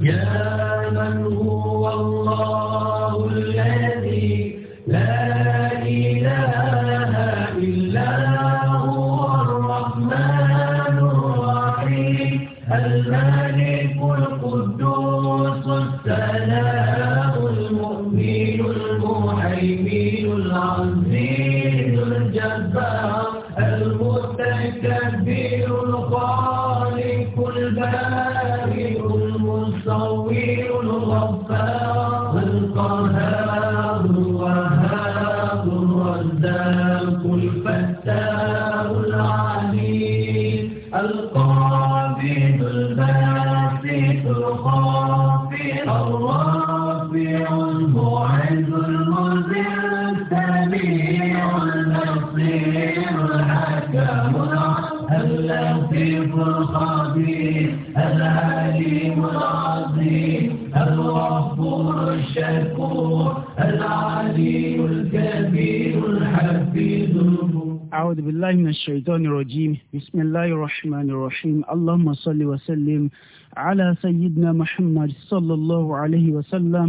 يا من هو بسم الله الرحمن الرحيم اللهم صل وسلم على سيدنا محمد صلى الله عليه وسلم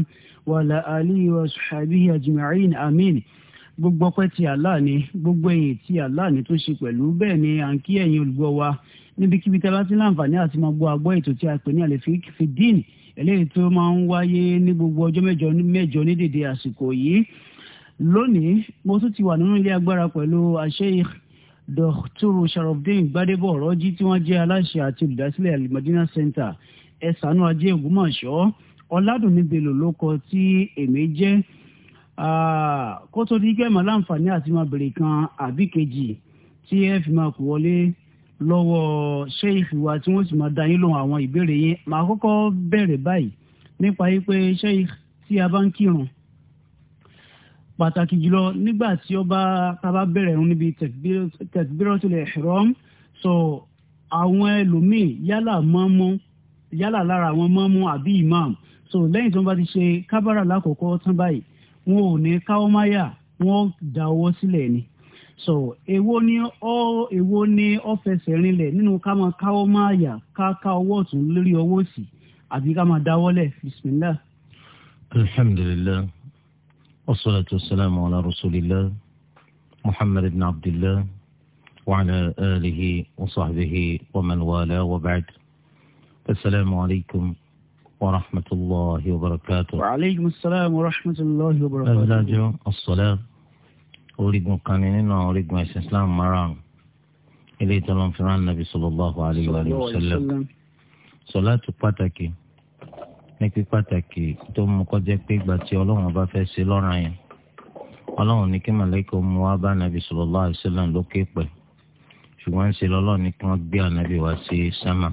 وعلى آله وصحبه أجمعين آمين gbogbo ọpẹ́ ti Allah ni gbogbo ẹ̀yìn ti Allah ni tó ṣe pẹ̀lú bẹ́ẹ̀ ni à ń kí ẹ̀yin olùgbọ́ wa níbikíbi tẹ bá ti láǹfààní àti máa gbọ́ àgbọ́ ètò tí a pè ní àlefik fìdín eléyìí tó máa ń wáyé ní gbogbo ọjọ́ mẹ́jọ mẹ́jọ ní dèdè àsìkò yìí lónìí mo tún ti wà nínú ilé agbára pẹ̀lú Sheikh dọ́kítọ́rù sharobdin gbadebo ọ̀rọ́jì tí wọ́n jẹ́ aláṣẹ àti olùdásílẹ̀ alimadina center ẹ̀sánú ajé ògbómọ̀ṣọ́ ọ̀làdùnní belò ló kọ tí èmi jẹ́ kó tó di gẹ́mọ̀ láǹfààní àti máa bèrè kan àbí kejì tí ẹ fi máa kú wọlé lọ́wọ́ ṣéèfì wa tí wọ́n sì máa dá yín lóhùn àwọn ìbéèrè yẹn màá kọ́kọ́ bẹ̀rẹ̀ báyìí nípa yí pé ṣéèfì tí a bá ń kírun pàtàkì jùlọ nígbà tí ó bá tábà bẹ̀rẹ̀ ń níbi takbiratul ihram so àwọn ẹlòmíì yálà mọ́mú yálà lára àwọn mọ́mú àbí imam so lẹ́yìn tí wọ́n bá ti ṣe kábàrà lákòókò tán báyìí wọn ò ní káwọ́ máyà wọ́n dá ọwọ́ sílẹ̀ ni so èwo ni ọ èwo ni ọ fẹsẹ̀ rinlẹ̀ nínú ká máa káwọ́ máyà ká ká ọwọ́ ọ̀tún lórí ọwọ́ òsì àbí ká máa dáwọ́lẹ̀ bismillah. alhamdulilayi. والصلاة والسلام على رسول الله محمد بن عبد الله وعلى آله وصحبه ومن والاه وبعد السلام عليكم ورحمة الله وبركاته وعليكم السلام ورحمة الله وبركاته أزواج الصلاة أوريكم قانونين وأوريكم السلام مرام إليه تلون فران النبي صلى الله عليه وآله وسلم صلاة باتكي ní pípàtàkì tó mú kọjá pé ìgbà tí ọlọ́run bá fẹ́ ṣe lọ́ràn yẹn ọlọ́run ní kí màlẹ́kọ̀ mú wá bá nàbì sallallahu alaihi wasallam lókè pẹ̀ ṣùgbọ́n ń ṣe lọ́lọ́run ní kí wọ́n gbé ànábì wá sí sámà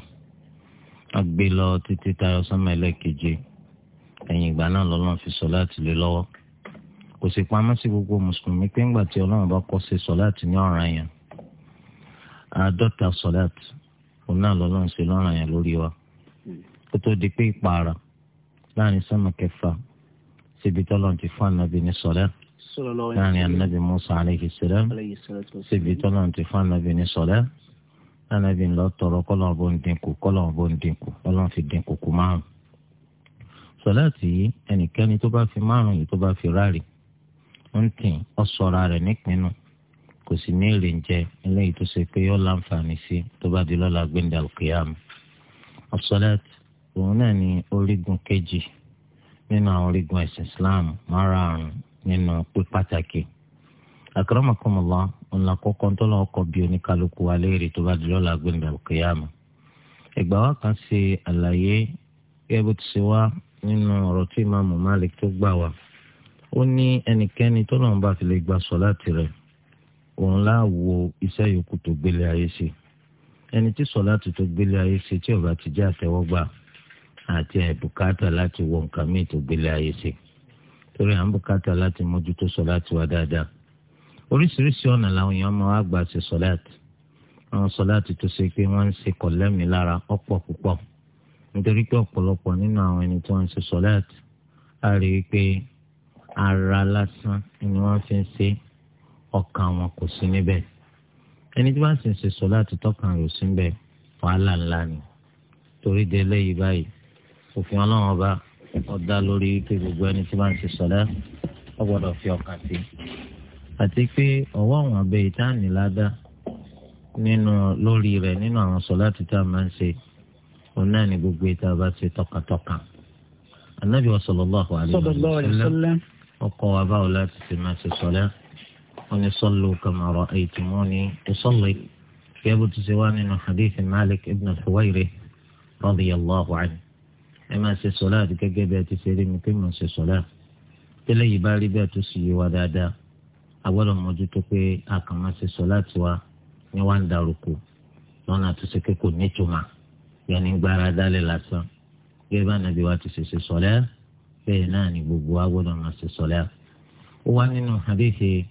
wọ́n gbé lọ títí tayọ sámà ẹlẹ́keje ẹ̀yìn ìgbà náà lọ́lọ́run fi sọ̀láàtì lé lọ́wọ́ kò sì pamọ́ sí gbogbo mùsùlùmí pé ńgbà tí ọlọ́run bá kọ́ ṣe sọ̀láàtì ní ọ̀ràn yẹn àádọ́ta sọ̀láàtì òun náà lọ́lọ́run ṣe lọ́ràn yẹn lórí wa kó tó di pé ìpara láàrin sọ́mà kẹfà síbi tọ́lọ́ ti fún ànábì ní sọ́lá láàrin ànábì Musa aleyhi sẹ́lẹ̀ síbi tọ́lọ́ ti fún ànábì ní sọ́lá ànábì ńlọ tọrọ kọ́lọ́n bó ń dínkù kọ́lọ́n bó ń dínkù kọ́lọ́n fi dínkù kù márùn. sọ́lá ti yí ẹnikẹ́ni tó bá fi márùn yìí tó bá fi ráàlì ń tì ọ́ sọ́ra rẹ̀ nípinnu kò sì ní èrè ń jẹ eléyìí tó ṣe pé yóò láǹfààní sí tó bá di lọ́la gbẹ̀ndàlùkìyàmù. ọ̀sọ́lẹ́tì òun náà ni orígun kejì nínú àwọn orígun ẹ̀sìn islam márààrún nínú pípàtàkì akramakumullah ọ̀nà àkọ́kọ́ tó lọ́wọ́ kọ bí oníkálukú wa léèrè tó bá di lọ́la gbẹ̀ndà òkèèyàmù ẹgbà wa kan ṣe àlàyé gẹ́gẹ́ bó ti ṣe wá nínú ọ̀rọ̀ tí ìmáàmù Malik tó gbà wá ó ní ẹnikẹ́ni tó lọ́wọ́ bá fi lè gba sọ́láàtì rẹ̀ òun láwo iṣẹ́ yòókù tó gbélé ayé ṣe ẹni tí sọ́láàtì tó gbélé ayé ṣe tí ó ti jẹ́ àtẹ́wọ́gbà àti àìbùkátà láti wọ nǹkan míì tó gbélé ayé sí torí à ń bùkátà láti mójútó sọláàtì wa dáadáa oríṣiríṣi ọ̀nà làwọn èèyàn máa wá gbà ṣe sọláàtì àwọn sọláàtì tó ṣe pé wọ́n ń ṣe kọ̀lẹ́mì lára ọ̀pọ̀ púpọ̀ nítorí pé ọ̀pọ̀lọpọ̀ nínú àwọn ẹni tí wọ́n ń ṣe sọláàtì á rí i pé ara lásán ni wọ́n fi ń ṣe ọkàn wọn kò sí níbẹ̀ ẹni tí wọ́n sì ń ṣe sọláàtì tọkàn rò sí níbẹ̀ wàhálà ńlá ni torí de lẹ́yìn báyìí òfin ọlọ́run ọba ọ̀dà lórí pé gbogbo ẹni tí wọ́n ń ṣe sọ̀lá ó gbọ́dọ̀ fi ọkàn sí i àti pé ọwọ́ àwọn abẹ ìtàní ládá nínú lórí rẹ̀ nínú àwọn sọ̀lá títà máa ń ṣe òun náà ni gbogbo ìta bá ṣe tọkàntọkàn anabi wa sallallahu alayhi wa sallam ọkọ wa báwo láti ṣe máa ṣe sọ̀lá wọn ni sallu kama ra'aytumuni usalli kẹ́bù tó ṣe wá nínú hadith malik ibn al-huwayrith radiyallahu ẹ máa ṣe sọlá àti gẹ́gẹ́ bí ẹ ti ṣe rí mi pé mo ń ṣe sọlá tẹ́lẹ̀ yìí bá rí bẹ́ẹ̀ tó sì yé wa dáadáa agbọ́dọ̀ mójútó pé a kàn máa ṣe sọlá tiwa ní wàá ń darúkọ lọ́nà àtúnṣe pé kò nítumọ̀ yẹnì gbára dálẹ̀ lásán gẹ́gẹ́ bá nàbí wa ti ṣe ṣe sọlá bẹ́ẹ̀ náà ni gbogbo agbọ́dọ̀ máa ṣe sọlá. ó wá nínú hadithi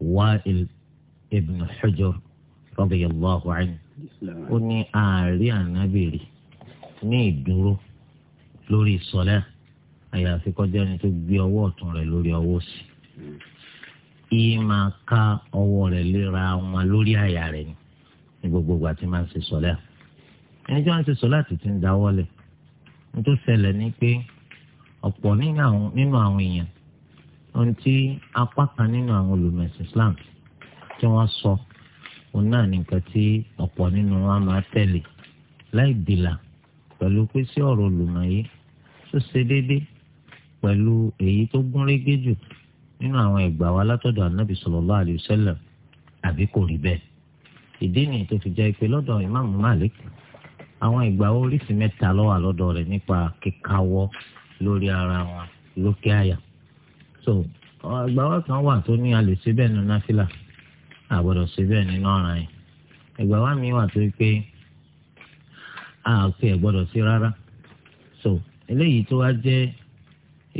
Wa'il ibn Hujr radiyallahu anhu ó ní ààrí ànábìrì ní ìdúró lórí sọlẹ àyàfi kọjá ẹni tó gbé ọwọ́ ọ̀tún rẹ̀ lórí ọwọ́ òsì yìí máa ká ọwọ́ rẹ̀ léra wọn lórí àyà rẹ̀ ni ní gbogbo ìgbà tí máa ń ṣe sọlẹ ẹni tí wọ́n ti sọ láti ti ń dáwọ́lẹ̀ ní tó ṣẹlẹ̀ ni pé ọ̀pọ̀ nínú àwọn èèyàn ohun tí apá kan nínú àwọn olùmẹ̀sìn Islam tí wọ́n sọ òun náà ní nǹkan tí ọ̀pọ̀ nínú wọn máa tẹ̀lé láì dìlà pẹ̀lú pé sí ọ̀rọ̀ olùmọ̀ yìí tó ṣe déédéé pẹ̀lú èyí tó gún régé jù nínú àwọn ìgbà wa látọ̀dọ̀ anábì sallallahu alayhi wa sallam àbí kò rí bẹ́ẹ̀ ìdí nìyí tó fi jẹ́ pé lọ́dọ̀ ìmáàmù Malik àwọn ìgbà oríṣi mẹ́ta ló wà lọ́dọ̀ rẹ̀ nípa kíkáwọ́ lórí ara wọn lókè àyà so ìgbà wa kan wà tó ní a lè ṣe bẹ́ẹ̀ nínú náfìlà a gbọ́dọ̀ ṣe bẹ́ẹ̀ nínú ọ̀ràn yìí ìgbà wa mi wà tó pé a kò gbọ́dọ̀ ṣe rárá so eléyìí tó wá jẹ́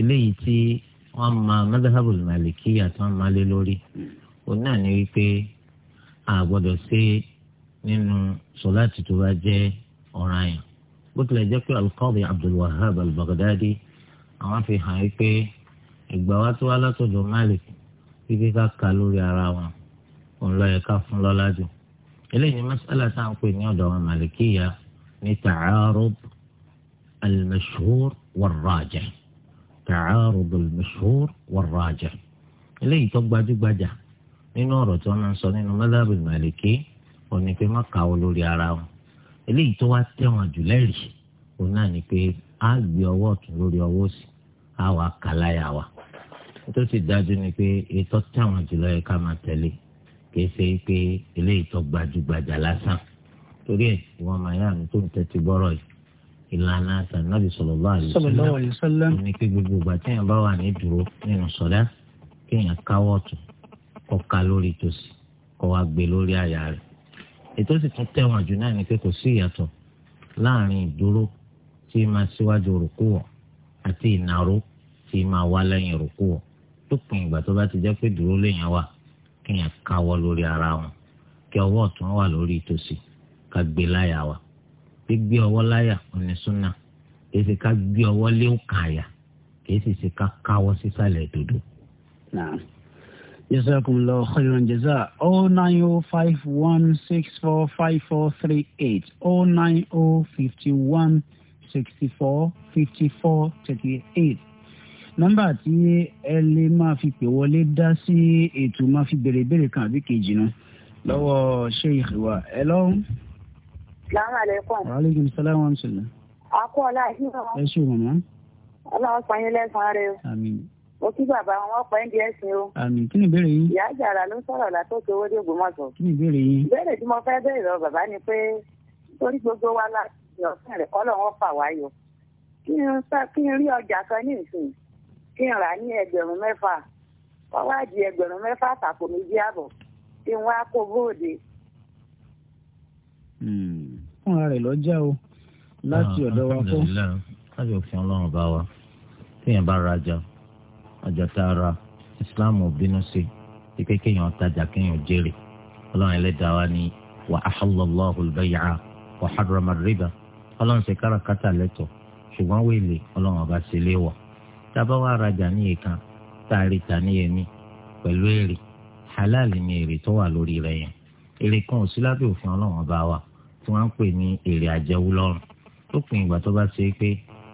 eléyìí tí wọ́n máa madhabul maliki àti wọ́n máa lé lórí òun náà ni wípé a gbọ́dọ̀ ṣe nínú sọláàtì tó bá jẹ́ ọ̀ranyàn bó tilẹ̀ jẹ́ pé alqadi Abdul Wahhab al-Baghdadi àwọn fi hàn wípé ìgbà wa tó wá látọ̀dọ̀ Malik kíkẹ́ ká ka lórí ara wọn òun lọ yẹ ká fún lọ́lá jù eléyìí ni mas'ala ń pè ní ọ̀dọ̀ wọn màlìkíyà ní ta'arud al-mashhur wal-rajih ta'arud al-mashhur wal-rajih eléyìí tó gbajúgbajà nínú ọ̀rọ̀ tí wọ́n máa ń sọ nínú madhab al-maliki òun ni pé má kàwọ́ lórí ara wọn eléyìí tó wá tẹ̀wọ̀n jù lẹ́rìí òun náà ni pé á gbé ọwọ́ ọ̀tún lórí ọwọ́ òsì á wà kàláyà wa tó sì dájú ni pé ètò tẹ̀wọ̀n jù lọ́yẹ ká máa tẹ̀lé kì í ṣe pé eléyìí tó gbajúgbajà lásán torí ẹ̀ ìwọ̀n màá yára tó ń tẹ́tí gbọ́rọ̀ yìí ìlànà sànàbì sallallahu alaihi wasallam ní pé gbogbo ìgbà téèyàn bá wà ní dúró nínú sọ̀dá kéèyàn káwọ́ ọ̀tún kó ka lórí tòsì kó wá gbé lórí àyà rẹ̀ ètò sì tún tẹ̀wọ̀n jù náà ni pé kò sí ìyàtọ̀ láàrin ìdúró tí máa síwájú rùkú wọ̀ àti ìnáró tí máa wá lẹ́yìn rùkú wọ̀ lópin ìgbà tó bá ti jẹ́ pé dúró lèèyàn wà kéèyàn káwọ́ lórí ara wọn kí ọwọ́ ọ̀tún wà lórí tòsì ká gbé láyà wa gbígbé ọwọ́ láyà òní súnà kìí ṣe ká gbé ọwọ́ lé òkà àyà kìí sì ṣe ká káwọ́ sísàlẹ̀ dòdò. jazakumullahu khairan jaza o oh nine o oh five one six four five four three eight o oh nine o fifty one sixty four fifty four thirty eight nọ́mbà tí ẹ lè máa fi pè wọlé dá sí ètò máa fi béèrè béèrè kan àbí kejì náà lọ́wọ́ sheikh wa ẹ lọ́rùn salaamaleykum. waaleykum salaam wa rahmatulah. a kú ọlá ìṣúná. ẹ ṣe mọ̀mọ́. ọlọ́run pa yín lẹ́sàn-án rẹ o. àmín. mo kí bàbá wọn wọ́n pa ẹ́ di ẹ̀sìn o. àmín kí ni ìbéèrè yín. ìyá àjàrà ló sọ̀rọ̀ látòkè owó dé Ògbómọ̀ṣọ́. kí ni ìbéèrè yín. ìbéèrè tí mo fẹ́ bẹ̀rẹ̀ lọ bàbá ni pé torí gbogbo wa la ọ̀sán rẹ̀ kọ́lọ́run fà wá yọ. kí n rí ọjà kan ní ìsìn kí n rà ní ẹgbẹ̀rún mẹ́fà wọ́n ẹgbẹ̀rún mẹ́fà àtàkùn méjì àbọ̀ kí n wá kó bóde. Hmm fúnra rẹ̀ lọ́jà o láti ọ̀dọ̀ wa kọ́. láti òfin ọlọ́run bá wa téèyàn bá rajà ọjà tá a ra islam ò bínú sí i pé kéèyàn tajà kéèyàn jèrè ọlọ́run ẹlẹ́dàá wa ni wa ahallallahu al-bay'a wa harrama ar-riba ọlọ́run ṣe káràkátà lẹ́tọ̀ ṣùgbọ́n wèlé ọlọ́run ọba ṣe léwọ̀ tá a bá wá rajà ní ìkan tá a rí ta ní èmi pẹ̀lú èrè halal ni èrè tó wà lórí rẹ̀ yẹn èrè kan ò sí lábẹ́ òfin ọlọ́run ọba wa tí wọ́n ń pè ní èrè àjẹwò tó pin ìgbà tó bá ṣe é pé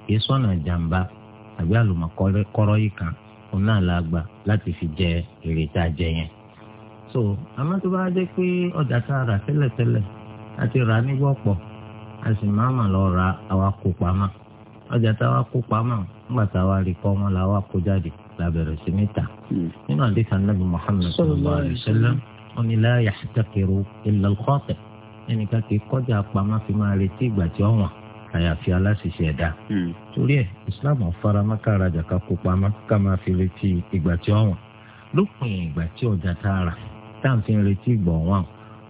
kìí sọ̀nà jàǹbá àbí àlùmọ̀kọ́rọ́ yìí kan òun náà la gbà láti fi jẹ èrè tá a jẹ yẹn. so àmọ́ tó bá jẹ́ pé ọjà tá a rà tẹ́lẹ̀tẹ́lẹ̀ a ti rà ní wọ́pọ̀ a sì máa mà lọ ra àwa kó pamọ́ ọjà tá a wá kó pamọ́ nígbà tá a wá rí kọ́ wọn la wá kó jáde la bẹ̀rẹ̀ sí ní ta. Hmm. nínú àdéhùn anábì Muhammad sallallahu alayhi wa sallam wọn ni la yahtakiru illa al-khati' ẹnìkan kì í kọjá pamọ́ fi máa retí ìgbà tí ó wọ̀n àyàfi aláṣiṣẹ́ ẹ̀dá. Hmm. torí ẹ̀ islam faramọ́ ká rajà ká kó pamọ́ ká máa fi retí ìgbà tí ó wọ̀n lópin ìgbà tí ọjà tá a rà tá à ń fi retí ìgbà ọ̀wọ́n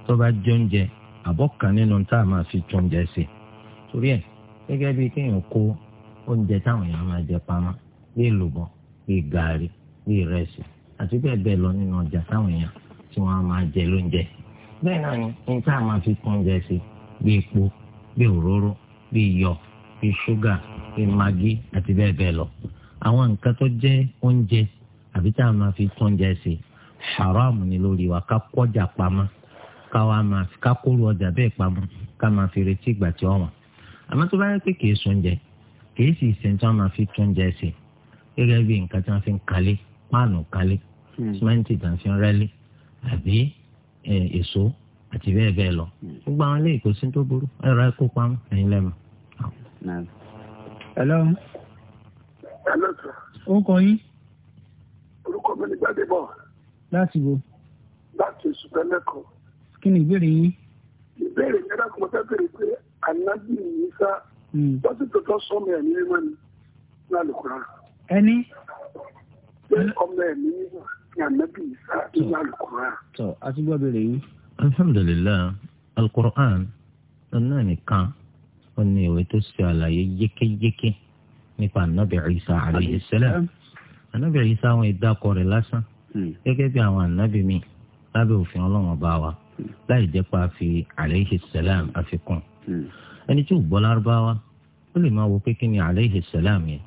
tó bá jẹ oúnjẹ àbọ̀ kan nínú tá a máa fi tún oúnjẹ ṣe. torí ẹ̀ gẹ́gẹ́ bíi kéèyàn kó oúnjẹ táwọn èèyàn máa jẹ pamọ́ bíi lùbọ̀ bíi gàárì bíi ìrẹsì àti bẹ́ẹ̀ bẹ́ẹ̀ lọ nínú ọjà táwọn èèyàn tí wọ́n máa jẹ lóúnjẹ bẹ́ẹ̀ náà ni ní tá a máa fi kún oúnjẹ sí bíi epo bíi òróró bíi iyọ̀ bíi ṣúgà bíi magí àti bẹ́ẹ̀ bẹ́ẹ̀ lọ àwọn nǹkan tó jẹ́ oúnjẹ àbí tá a máa fi kún oúnjẹ sí haram ni lórí wa ká kọjá pamọ́ ká wa máa ká kóró ọjà bẹ́ẹ̀ pamọ́ ká máa fi retí ìgbà tí ọ̀wọ́n àmọ́ tó bá yẹ pé kìí sóúnjẹ kìí sì sèǹtì wọn máa fi túnjẹ sí gẹ́gẹ́ bí nǹkan tí wọ́n fi ń kalẹ̀ páànù kalẹ̀ hmm èso àti bẹ́ẹ̀ bẹ́ẹ̀ lọ gbogbo àwọn ilé ìkòsí tó burú ẹ̀rọ ẹ̀kọ́ pamọ́ ẹ̀yin lẹ́nu. hello. hello sir. ó kọ yín. orúkọ mi ni gbadebo. láti wo. láti sùpẹ́lẹ́kọ̀. kí ni ìbéèrè yín. ìbéèrè yẹn láti mọ̀ tẹ́tẹ̀rẹ̀ pé ànábì Ìsá wọ́n hmm. ti tọ́tọ́ sọ́mi ẹ̀mí mímọ́ ni lálùkùrá. ẹni. ọmọ ẹ̀mí mímọ́ ní anabi isa nínú alukur'an. tọ a ti gbọ́ bẹ̀rẹ̀ yìí. alhamdulilayi alukur'an náà nìkan ó ní ìwé tó ṣe àlàyé yékéyéké nípa anabi isa alayhi salam anabi isa wọn ìdákọ rẹ̀ lásán hmm. gẹ́gẹ́ bí àwọn anabi mi lábẹ́ òfin Ọlọ́run bá wa hmm. láì jẹ́ pa fi alayhi salam àfikún hmm. ẹni tí ò gbọ́ lárúbáwá ó lè máa wo pé kí ni alayhi salam yẹn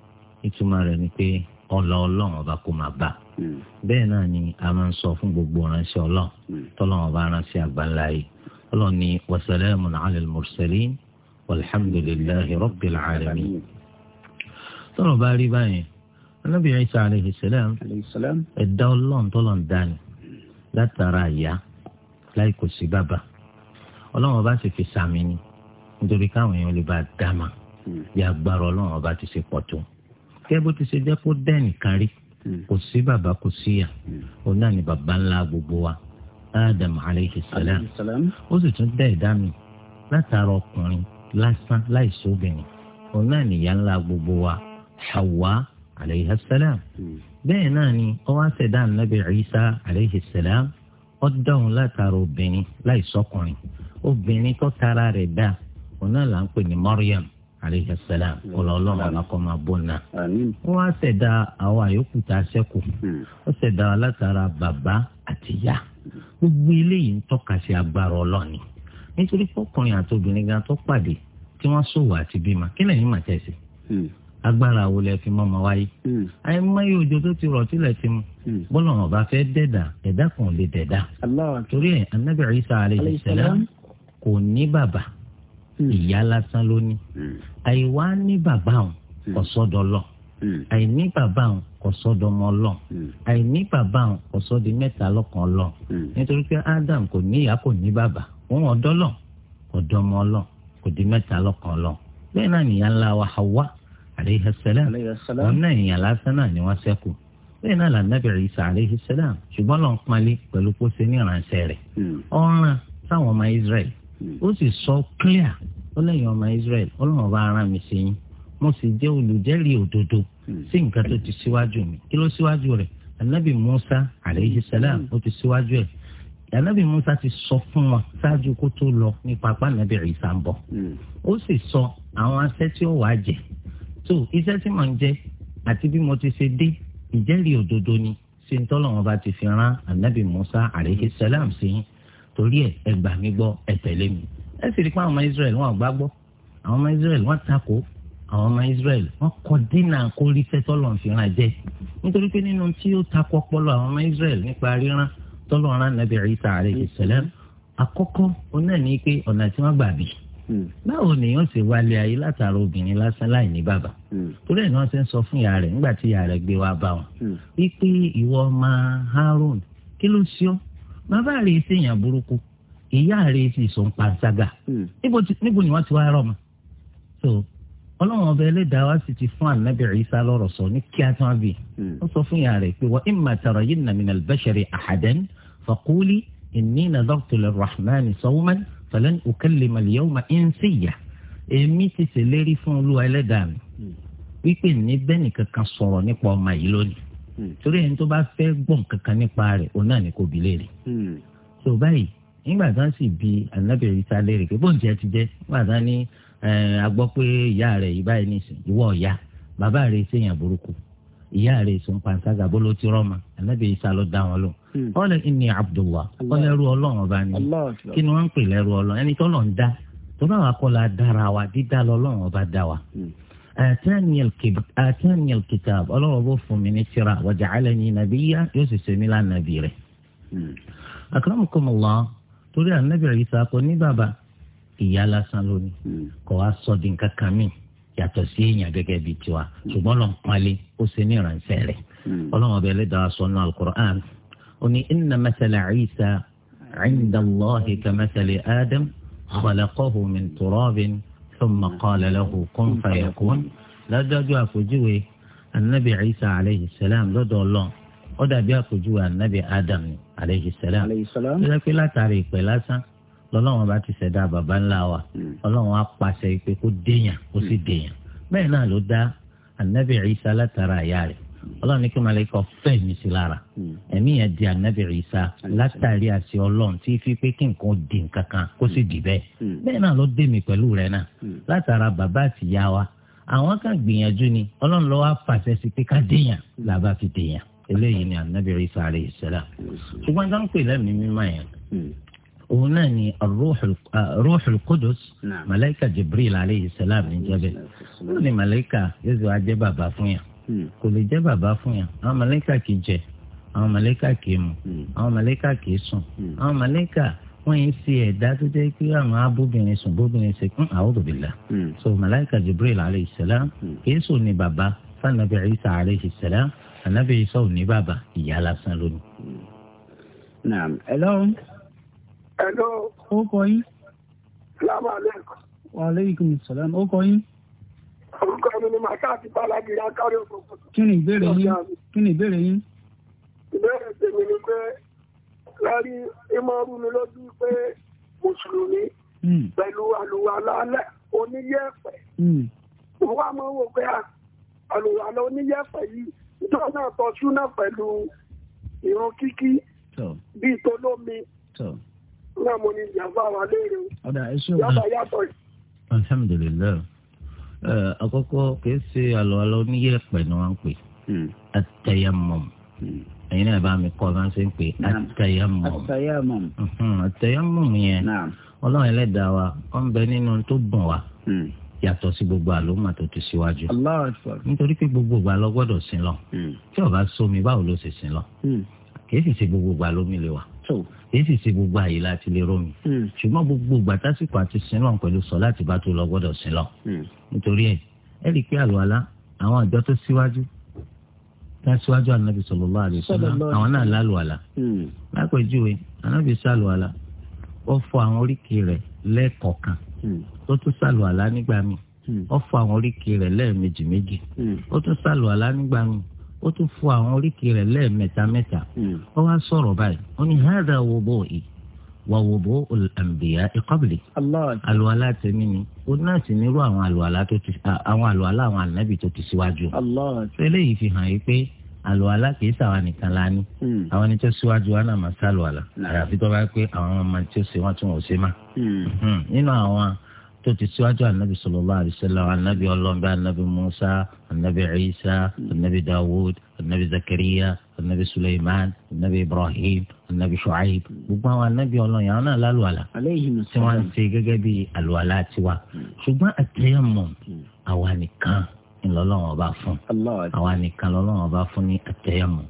ìtumọ̀ rẹ̀ ni pé ọlọ ọba kò máa bá a. Hmm. bẹ́ẹ̀ náà ni a máa ń sọ fún gbogbo ránṣẹ́ ọlọ́run hmm. tọ́lọ́run bá ránṣẹ́ àgbáńlá yìí ọlọ́run ni wasalaamun ala al-mursalin walhamdulillahi rabbil alamin. tọ́lọ̀ bá rí báyìí anábì Isa alayhi salam ẹ̀dá ọlọ́run tọ́lọ́run dání látara àyà láì kò sí bàbá ọlọ́run ọba sì fi sàmì ni nítorí káwọn èèyàn lè bá a dá ma hmm. bí agbára ọlọ́run ti ṣe pọ̀ tó kẹ́ bó ti ṣe jẹ́ kó dẹ́nì kárí. Hmm. kò sí bàbá kò sí yà hmm. òun náà ni bàbá ńlá gbogbo wa adam aleyhi salam ó sì tún dá ẹ̀dá mi látara ọkùnrin lásán láìsóbìnrin òun náà nìyá ńlá gbogbo wa hawa aleyhi salam hmm. bẹ́ẹ̀ náà ni ó wá ṣẹ̀dá ànábì aleyhi salam ó dáhùn látara obìnrin láìsọkùnrin obìnrin tó tara rẹ̀ dá òun là ń pè ní mariam aleyhi salam hmm. ọlọ́ọ̀lọ́run alákọ̀ máa bọ̀ náà. wọ́n á ṣẹ̀dá àwọn àyókù tá a ṣẹ́kù hmm. ó ṣẹ̀dá látara bàbá àti ìyá gbogbo eléyìí ń tọ́ka sí agbára ọlọ́ọ̀ni nítorí fọkùnrin àti obìnrin gan tó pàdé tí wọ́n ṣòwò àti bímọ kí lẹ́yìn mà tẹ̀sí agbára wo lẹ fi mọ́mọ́ wáyé ayé hmm. mayé òjò tó ti rọ̀ tilẹ̀ ti mu bọ́lá wọn bá fẹ́ dẹ̀dà ẹ̀dá kan lè dẹ̀dà torí ẹ̀ anábìrì Isa alayhi salam kò ní bàbá Hmm. ìyá lásán lónìí. a àìwá ní bàbá òun kò sọ́dọ̀ lọ àìní bàbá òun kò sọ́dọ̀ ọmọ lọ hmm. àìní bàbá òun kò sọ́dọ̀ mẹ́ta lọ́kàn lọ hmm. nítorí pé Adam kò ní ìyá kò ní bàbá òun ọ̀dọ́ lọ kò dọ̀ ọmọ lọ kò mẹ́ta lọ́kàn lọ bẹ́ẹ̀ náà nìyá ńlá wa wọn náà ìyá lásán náà ni wọ́n bẹ́ẹ̀ náà ṣùgbọ́n lọ́n pali pẹ̀lú pósẹ́ ní ó sì sọ clear ó lẹ́yìn ọmọ Israel ọlọ́run ọba ara mi sí yín mo sì jẹ́ olùjẹ́rìí òdodo hmm. sí nǹkan tó ti síwájú mi kí ló síwájú rẹ̀ anabi Musa aleyhi salam ó ti síwájú ẹ̀ anabi Musa ti sọ fún wọn ṣáájú kó tó lọ nípa apá anabi Isa ń bọ̀ hmm. ó sì sọ àwọn asẹ́ tí ó wàá jẹ tó iṣẹ́ tí mò ń jẹ àti bí mo ti ṣe dé ìjẹ́rìí òdodo ni ṣe ń tọ́lọ̀ wọn bá ti fi rán anabi Musa aleyhi salam sí yín torí ẹ ẹ gbà mí gbọ́ ẹ tẹ̀lé mi ẹ sì rí pé àwọn ọmọ Israel wọn ò gbà gbọ́ àwọn ọmọ Israel wọn takò àwọn ọmọ Israel wọn kọ dínà kó rí sẹtọlọ fìràn jẹ nítorí pé nínú tí ó takò ọpọlọ àwọn ọmọ Israel nípa ríran tọlọ ran nàbẹ Ìsá alayhi salam àkọ́kọ́ oná ní pé ọ̀nà tí wọ́n gbà bí hmm. báwo nìyẹn ṣe wálé ayé látara obìnrin lásán láì ní bàbá hmm. torí ẹ̀ ni wọ́n ṣe ń sọ fún ìyá rẹ̀ nígbà tí ìyá rẹ̀ gbé wá bá wọn hmm. wípé ìwọ ọmọ Harun kí ló ṣe ọ́ bàbá rẹ̀ ṣe èèyàn burúkú ìyá rẹ̀ ṣe ìsọ̀npanṣágà hmm. níbo ni wọ́n ti wá rọ̀ mọ́ so ọlọ́run ọba ẹlẹ́dàá wa sì ti fún anabi isa lọ́rọ̀ sọ ní kí a tán bí ó sọ fún ìyá rẹ̀ pé wa imma tarayinna min al-bashari ahadan faquli inni nadartu lir-rahmani sawman falan ukallima al-yawma èmi ti ṣèlérí fún olúwa ẹlẹ́dàá mi hmm. wípé ní bẹ́ẹ̀ nìkan kan sọ̀rọ̀ nípa ọmọ yìí lónìí Hmm. torí ẹni tó bá fẹ́ gbọ̀n kankan nípa rẹ̀ òun náà ni kò bí léèrè. Hmm. so báyìí nígbà tán sì bi ànábì Ìsá léèrè pé bóun jẹ́ ti jẹ́ nígbà tán ní a gbọ́ pé ìyá rẹ̀ yìí báyìí nìsín ìwọ ọ̀yá bàbá rẹ̀ ṣèyàn burúkú ìyá rẹ̀ sùn pàǹsága bó ló ti rọ́ọ̀mà ànábì Ìsá ló dá wọn lóhùn. ọ̀la hmm. inni Abdullah ọlẹ́rú ọlọ́run ọba ni kí ni wọ́n ń pè lẹ́rú ọlọ́run ẹni tó àtàní alkitab ọlọ́run الكتاب، fún mi من tírà وجعلني نبيا yóò sì ṣe أكرمكم الله، rẹ̀. النبي torí ànábì Ìsá kò ní bàbá ìyá lásán lónìí kò wá sọ di nǹkan kan mí yàtọ̀ sí èèyàn gẹ́gẹ́ bíi tiwa ṣùgbọ́n lọ́n pálí ó ṣe ní ìrànṣẹ́ rẹ̀ ọlọ́run ọbẹ̀ ẹlẹ́dàá sọ náà ó ní inna mathala Isa 'inda Allahi ka mathali Adam khalaqahu min turabin thumma qala lahu kun fayakun lájọ́jú àpèjúwe anabi isa aleyhi salam lọ́dọ̀ ọlọ́run ó dàbí àpèjúwe anabi adam aleyhi salam lọ́dọ̀ pé látàrí ìpè lásán lọ́lọ́run bá ti ṣẹ̀dá bàbá ńlá wa hmm. ọlọ́run á pàṣẹ pé kó déyàn kó sì hmm. déyàn bẹ́ẹ̀ náà ló dá anabi isa látara ìyá rẹ̀ ọlọ́run ní kí màlẹ́kọ̀ fẹ́ mi sí lára hmm. ẹ̀mí yẹn di ànábì Ìsá látàrí àṣẹ ọlọ́run tí fi pé kí nǹkan di nǹkan kan kó sì hmm. di bẹ́ẹ̀ hmm. bẹ́ẹ̀ náà ló dé mi pẹ̀lú rẹ̀ náà látara bàbá àtìyá wa àwọn kan gbìyànjú ni ọlọ́run ló wá fàṣẹ sí pé ká déyàn làbá fi déyàn eléyìí ni ànábì Ìsá alayhi salam ṣùgbọ́n tó ń pè lẹ́mìí mímọ́ yẹn òun náà ni ruuxul kudus malayika jibril alayhi salam ní jẹ́bẹ̀ ní malayika yóò ṣe wá jẹ́ bàbá fún yàn Hmm. kò lè jẹ́ bàbá fún yàn àwọn mọ̀lẹ́kà kì í jẹ àwọn mọ̀lẹ́kà kì í mu hmm. àwọn mọ̀lẹ́kà kì í sùn hmm. àwọn mọ̀lẹ́kà wọ́n yẹn ṣe ẹ̀dá tó jẹ́ pé àwọn abóbìnrin sùn bóbìnrin ṣe kún a'udhu billah. so malaika jibril alayhi salam kìí sùn ní bàbá sanabi isa alayhi sanabi isa ò ní bàbá ìyá lásán lónìí. naam hello. hello. ó kọ yín. salaamaleykum. wa salaam ó kọ yín orúkọ mi ni màkà àti balagiri akárí òkòkò. kí ni ìbéèrè yín kí ni ìbéèrè yín. ìbéèrè tèmi ni pé lárí ìmọ̀ọ́rù mi lójú pé mùsùlùmí hmm. pẹ̀lú àlùwàlà oníyẹ̀pẹ̀. Hmm. mo wá mọ̀ wò pé àlùwàlà oníyẹ̀pẹ̀ yìí ìjọ náà tọ́jú náà pẹ̀lú ìran kíkí bíi tolómi náà mo ní ìjàmbá wa léèrè. ọ̀dà ẹ ṣé o. yàtọ̀ yàtọ̀. alhamdulilayi àkọ́kọ́ kìí ṣe àlùwàlá oníyẹ̀pẹ̀ ni wọ́n ń pè àtẹ̀yẹmọ̀m hmm. ẹ̀yin náà bá mi kọ́ ọ́ máa ń ṣe ń pè àtẹ̀yẹmọ̀m àtẹ̀yẹmọ̀m hmm, yẹn ọlọ́run ẹlẹ́dàá wa ó ń bẹ nínú tó bùn wa hmm. yàtọ̀ sí gbogbo àlòmà tó ti síwájú nítorí pé gbogbo ìgbà lọ gbọ́dọ̀ sin lọ tí ó bá sómi báwo ló ṣe sin lọ kìí sì ṣe gbogbo ìgbà lómi lè wà tó èyí sì ṣe gbogbo àyè láti lè rómi hmm. ṣùgbọ́n gbogbo gbàtàsìkò àti sinlọ́n pẹ̀lú sọ láti bá tó lọ gbọ́dọ̀ sinlọ́n hmm. nítorí ẹ̀ ẹ̀ rí i pé àlùwàlá àwọn àjọ tó síwájú tasiwaju anabi sọlọlọ àdìsọlá àwọn náà lálùwàlà hmm. lápẹjúwe anabi sálùwàlà ó fọ àwọn oríkèé rẹ̀ lẹ́ẹ̀kọ̀ọ̀kan ó tún sálùwàlà nígbà míì ó fọ àwọn oríkèé rẹ̀ lẹ́ẹ̀mejì méjì ó tún sálùwàlà nígbà míì ó tún fọ àwọn oríkèé rẹ̀ lẹ́ẹ̀mẹ́ta mẹ́ta hmm. ó wá sọ̀rọ̀ báyìí ó ní hàdà wudu'i wa wudu'ul anbiya'i qabli àlùwàlá tèmi ni ó náà sì nírú àwọn àlùwàlá àwọn ànábì tó ti síwájú tẹ́lẹ̀ yìí fi hàn yí pé àlùwàlá kìí sàwọn nìkan la ní hmm. àwọn ẹni tó síwájú wa náà máa sálùwàlá hmm. àyàfi tó bá pé àwọn ọmọ tí ṣe wọn tún ò ṣe má nínú àwọn tó ti síwájú anabi sallallahu alaihi wasallam anabi ọlọmọba anabi musa anabi isa anabi dawud anabi zakariya anabi suleiman anabi ibrahim anabi shuaib gbogbo àwọn anabi ọlọyìn àwọn náà lálùwàlà tí wọn ń ṣe gẹ́gẹ́ bí àlùwàlà tiwa ṣùgbọ́n àtẹyẹmọ àwa nìkan ńlọlọ́wọ́n bá fún àwa nìkan lọ́lọ́wọ́n bá fún ní àtẹyẹmọ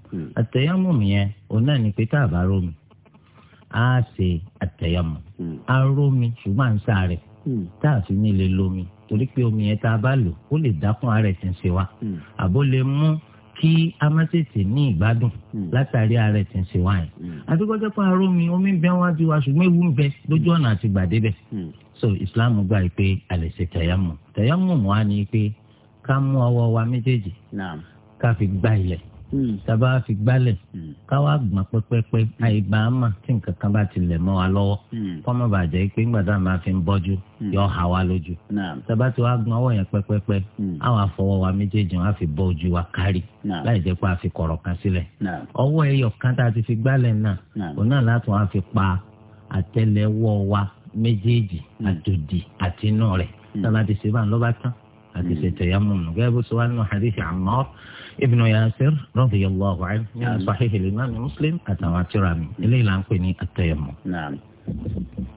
àtẹyẹmọ hmm. yẹn òun náà ní pété àbárò mi a ṣe àtẹyẹmọ hmm. a rómi ṣùgbọ́n à ń sáré. Hmm. tá a fi ní lè lomi torí pé omi yẹn tá a bá lò ó lè dákun ara ẹ̀ tí ń ṣe wa hmm. àbó lè mú kí a má tètè ní ìgbádùn hmm. látàrí ààrẹ tí ń ṣe wá yẹn àtikọ́jọ́ pé aró mi omi ń bẹ wá ju wa ṣùgbọ́n ewu ń bẹ lójú ọ̀nà àti gbàdébẹ̀ so islam gbà pé àlè ṣe tẹ̀yàmù tẹ̀yàmù wa ni pé ká mú ọwọ́ wa méjèèjì ká fi gbá ilẹ̀ Hmm. tàbá fi gbálẹ̀ hmm. káwá gbọ̀n pẹ́pẹ́pẹ́ hmm. àìbá mà tí nǹkan kan bá ti lẹ̀ mọ́ wa lọ́wọ́ kọ́mọ bàjẹ́ pé a máa fi ń bọ́jú yọ ha wa lójú tí wàá pẹ́pẹ́pẹ́ àwọn afọwọ́ wa méjèèjì wọn wa láì jẹ́ pé a fi kọ̀rọ̀ kan sílẹ̀ ọwọ́ ẹyọ kan tá a ti fi náà òun náà láti wọn wa méjèèjì àdòdì ibnu yasir radiyallahu anhu hmm. sahih al-imam muslim àtàwọn àtìrà mi hmm. eléyìí là ń pè ní àtẹ̀yẹmọ.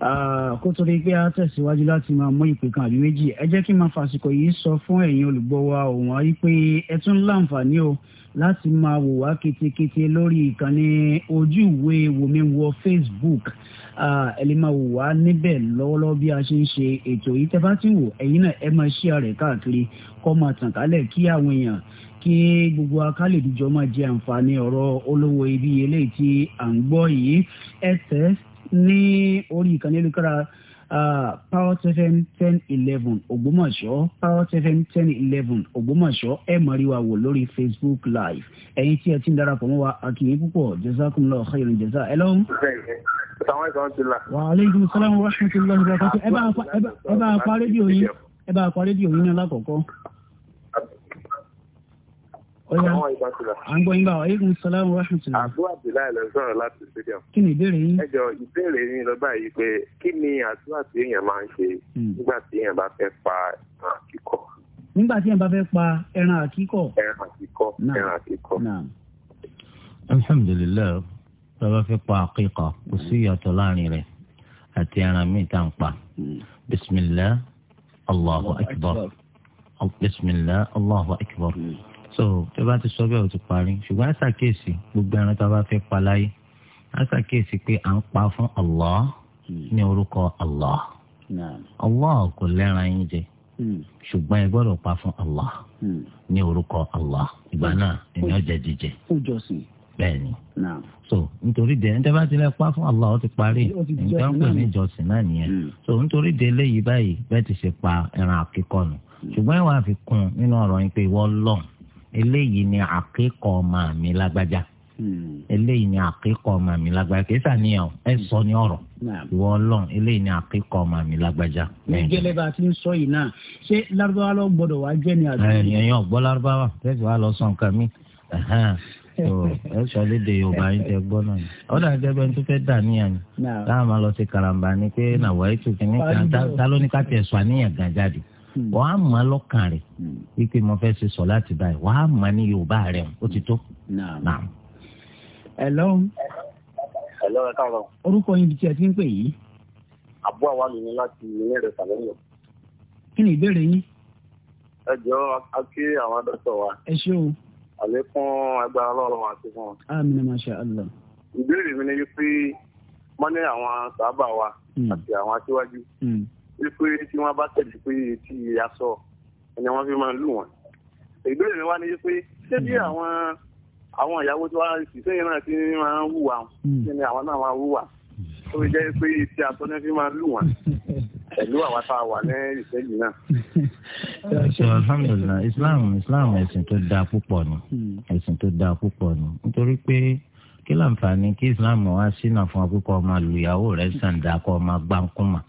Ah, kó tó di pé a tẹ̀síwájú láti máa mú ìpè kan àbí méjì ẹ jẹ́ kí n máa fàsìkò yìí sọ fún ẹ̀yin olùgbọ́ wa òun àyí pé ẹ tún láǹfààní o láti máa wò wá ketekete lórí ìkànnì ojú ìwé wòmíwọ Facebook ah, ẹ lè máa wò wá níbẹ̀ lọ́wọ́lọ́wọ́ bí a ṣe ń ṣe ètò yìí ẹ̀yin náà ẹ máa share rẹ̀ káàkiri kó máa tàn kálẹ̀ kí àwọn èèyàn kí gbogbo akálèdíjọ máa jẹ àǹfààní ọ̀rọ̀ olówó ibi eléyìí tí à ń gbọ́ yìí ẹsẹ̀ ní orí ìkànnì olùkọ́ra power seven ten eleven ògbómọ̀ṣọ́ power seven ten eleven ògbómọ̀ṣọ́ ẹ̀ máa rí wa wò lórí facebook live ẹ̀yin tí ẹ ti ń darapọ̀ mọ́ wa àkìyìn púpọ̀ jazakumullahu khairan jaza ẹ lọ́hùn. wa aleykum salaam wa rahmatulahi wa barakatuh ẹ bá a pa rédíò yín ẹ bá a pa rédíò yín ní alákọ̀ọ́kọ́ ọ̀yá à ń gbọ́ yín bá wa aleykum salaam wa rahmatulah. àbú abdullahi ló ń sọ̀rọ̀ láti stadium. kí ni ìbéèrè yín. ẹ jọ ìbéèrè yín lọ báyìí pé kí ni àdúrà tí èèyàn máa ń ṣe hmm. nígbà tí èèyàn bá fẹ́ pa ẹran àkíkọ. nígbà tí èèyàn bá fẹ́ pa ẹran àkíkọ. ẹran àkíkọ ẹran àkíkọ. alhamdulilayi bá a bá fẹ́ pa àkíkọ kò sí hmm. ìyàtọ̀ láàrin rẹ̀ àti ẹran míì tá ń pa hmm. bisimilahi allahu akbar bisimilahi allahu akbar so tó bá ti sọ bẹ́ẹ̀ ó ti parí ṣùgbọ́n àṣàkíyèsí gbogbo ẹran tó bá fẹ́ pa láyé àṣàkíyèsí pé à ń pa fún Allah ní orúkọ Allah Allah kò lẹ́ran yín jẹ hmm. ṣùgbọ́n ẹ gbọ́dọ̀ pa fún Allah hmm. ní orúkọ Allah ìgbà hmm. náà ènìyàn jẹ jíjẹ. ó jọ sí i so nítorí de ẹni tẹ bá tilẹ̀ pa fún Allah ó ti parí nǹkan ń pè ní ìjọsìn náà nìyẹn so nítorí de eléyìí báyìí bẹ́ẹ̀ ti ṣe pa ẹran àkíkọ́ nù ṣùgbọ́n ẹ wàá fi kún nínú ọ̀rọ̀ yín pé ìwọ lọ́n eléyìí ni àkíkọ̀ ọmọ mi lágbájá hmm. eléyìí ni àkíkọ̀ ọmọ mi lágbájá kì í sàníyàn ẹ sọ ní ọ̀rọ̀ ìwọ Ọlọ́run eléyìí ni àkíkọ̀ ọmọ mi lágbájá. ní gẹ́lẹ́ bá a ti ń sọ yìí náà ṣé lárúbáwá ló gbọ́dọ̀ wá jẹ́ ní àdúgbò. ẹ ẹ̀yàn ọ̀gbọ́ lárúbáwá tẹ́sí wa lọ sọ nǹkan mi ẹ sọ léde Yorùbá yín tẹ gbọ́ náà ọ dà jẹ́ bẹ́ẹ̀ tó fẹ́ dà níyàn ni táwọn máa lọ sí karambà pé nàwọ̀ ẹ̀ tó kìíní kan Hmm. wọ́n á mọ̀ lọ́kàn rẹ̀ hmm. wípé mo fẹ́ ṣe sọ láti báyìí wọ́n á mọ̀ ní yorùbá rẹ̀ ó ti tó. hello. hello ẹ káàárọ̀. orúkọ yín tí ẹ ti ń pè yìí. àbúrò àwa mi ni láti ilé rẹ̀ sàlẹ́yìn. kí ni ìbéèrè yín. ẹ jọ a kí àwọn dókítà wa. ẹ ṣé o. àlékún agbára ọlọ́run àti fún wọn. àmín masha allah. ìbéèrè mi ni wípé wọ́n ní àwọn sábà wa hmm. àti àwọn aṣíwájú wípé tí wọ́n bá tẹ̀lé pé etí aṣọ ẹni wọ́n fi máa lù wọ́n. ìbéèrè mi wá ní pé ṣé bí hmm. àwọn àwọn ìyàwó tí wọ́n sì sẹ́yìn náà ti máa ń hùwà kí ni àwọn náà máa hùwà tó fi jẹ́ pé etí aṣọ ni fi máa lù wọ́n pẹ̀lú àwa tá a wà ní ìṣẹ́yìn náà. ṣe alhamdulilayi islam islam ẹ̀sìn tó dáa púpọ̀ ni hmm. ẹ̀sìn tó dáa púpọ̀ ni nítorí pé kí láǹfààní kí islam wá sínà fún akókò ọmọ àlùyàwó rẹ sàǹdà kọ ọmọ gbáǹkùmà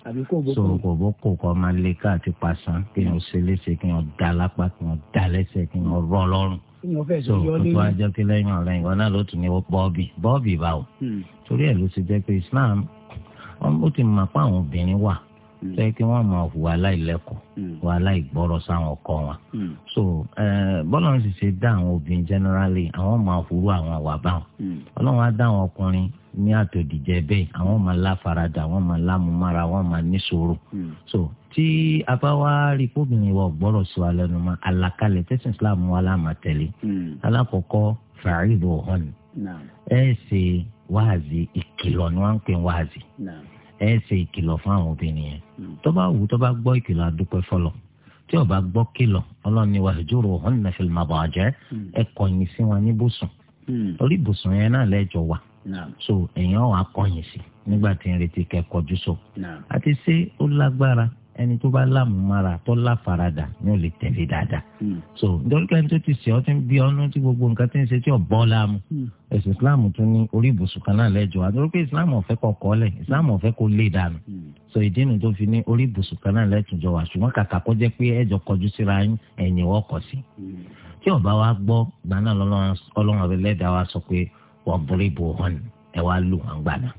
so kò bó kò kọ ọmọ lẹ́ka àti pàṣán kí wọ́n ṣe léṣe kí wọ́n dá lápá kí wọ́n dá lẹ́sẹ̀ kí wọ́n rọ́ lọ́rùn so gbogbo ajọ kí lẹ́yìn ọ̀rẹ́ yìí wọn náà ló tún ní bọ́ọ̀bì bọ́ọ̀bì báwo hmm. torí ẹ̀ ló ti jẹ́ pé islam ó ti mọ̀ pé àwọn obìnrin wà fẹ́ mm. kí wọ́n máa hùwà láìlẹ́kọ̀ọ́ hùwà mm. láìgbọ́rọ̀ sáwọn ọkọ wọn. Mm. so bọ́lá ń sì ṣe dá àwọn obìnrin generally àwọn máa hurú àwọn àwà báwọn. ọlọ́run á dá àwọn ọkùnrin ní àtòdìjẹ bẹ́ẹ̀ àwọn máa láfaradà àwọn máa lámúmára àwọn máa níṣòro. so tí a bá wá rí kóbìnrin wọ gbọ́rọ̀ sí wa lẹ́nu mọ́ àlàkalẹ̀ tẹ́sán islam wa láàmà tẹ̀lé. alákọ̀ọ́kọ́ fàáyìlú ọ̀hún ẹ̀ ṣe wáàzì ìkìlọ̀ ni wọ́n ń pè wáàzì ẹ ṣe ìkìlọ̀ fún àwọn obìnrin yẹn hmm. tó bá wù tó bá gbọ́ ìkìlọ̀ àdúpẹ́ fọlọ́ tí ó bá gbọ́ kìlọ̀ ọlọ́ni wahjuruhunna fil madaji hmm. ẹ kọ̀yìn sí wọn ní bùsùn hmm. orí bùsùn yẹn náà lẹ́jọ wà so èèyàn wà kọ̀yìn sí nígbà tí ń retí kẹ́ kọjú so àti ṣé ó lágbára ẹni tó bá lámùmára tó láfaradà ni ó lè tẹ̀lé dáadáa. Hmm. so nítorí pé ẹni tó ti sè ọ́ ti ń bí ọ́nú tí gbogbo nǹkan ti ń ṣe tí ò bọ́ láàmú. Hmm. ẹ̀sìn islam tún ní orí ibùsùn kan náà lẹ́jọ́ àdúró pé islam ọ̀fẹ́ kọ kọ́lẹ̀ islam ọ̀fẹ́ kó lé dànù. Hmm. so ìdí nu tó fi ní orí ibùsùn kan náà lẹ́tùjọ wà ṣùgbọ́n kàkà kó jẹ́ pé ẹ̀jọ̀ kọjú síra ẹ̀yìn ọkọ̀ sí. tí ọba wa gbọ́ gbaná ọlọ́run ọlọ́run ọ̀rẹ́lẹ́dàá wa sọ pé wọ́n borí ẹ wá lù wọn gbà náà.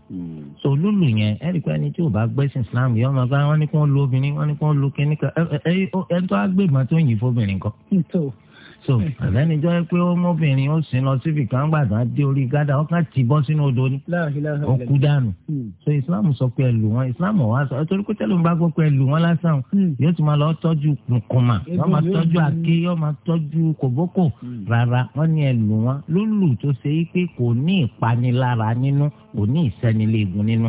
so lulu yẹn ẹnì pé ẹni tí ò bá gbẹ́sìn Islam yọ ọmọ bá wọn ní kí wọ́n lu obìnrin wọn ní kí wọ́n lu kíníkan ẹ ẹ ẹ tó á gbé ìgbà tó yìn fóbìnrin kan so àbẹ́ni hmm. jọ́ pé ọmọbìnrin ó sin lọ síbi kan gbàdán dé orí gádà ọkàn tì bọ́ sínú odò ni ó kú dànù hmm. so islam sọ pé ẹ lù wọn islam wà sọ torí pé tẹ́lẹ̀ ń bá gbọ́ pé ẹ lù wọn lásán hmm. yóò tún máa lọ tọ́jú kùnkùnmà yóò máa tọ́jú àké yóò máa tọ́jú kòbókò rárá wọ́n ní ẹ lù wọn lólù tó ṣe é pé kò ní ìpanilára nínú kò ní ìsẹ́niléegun nínú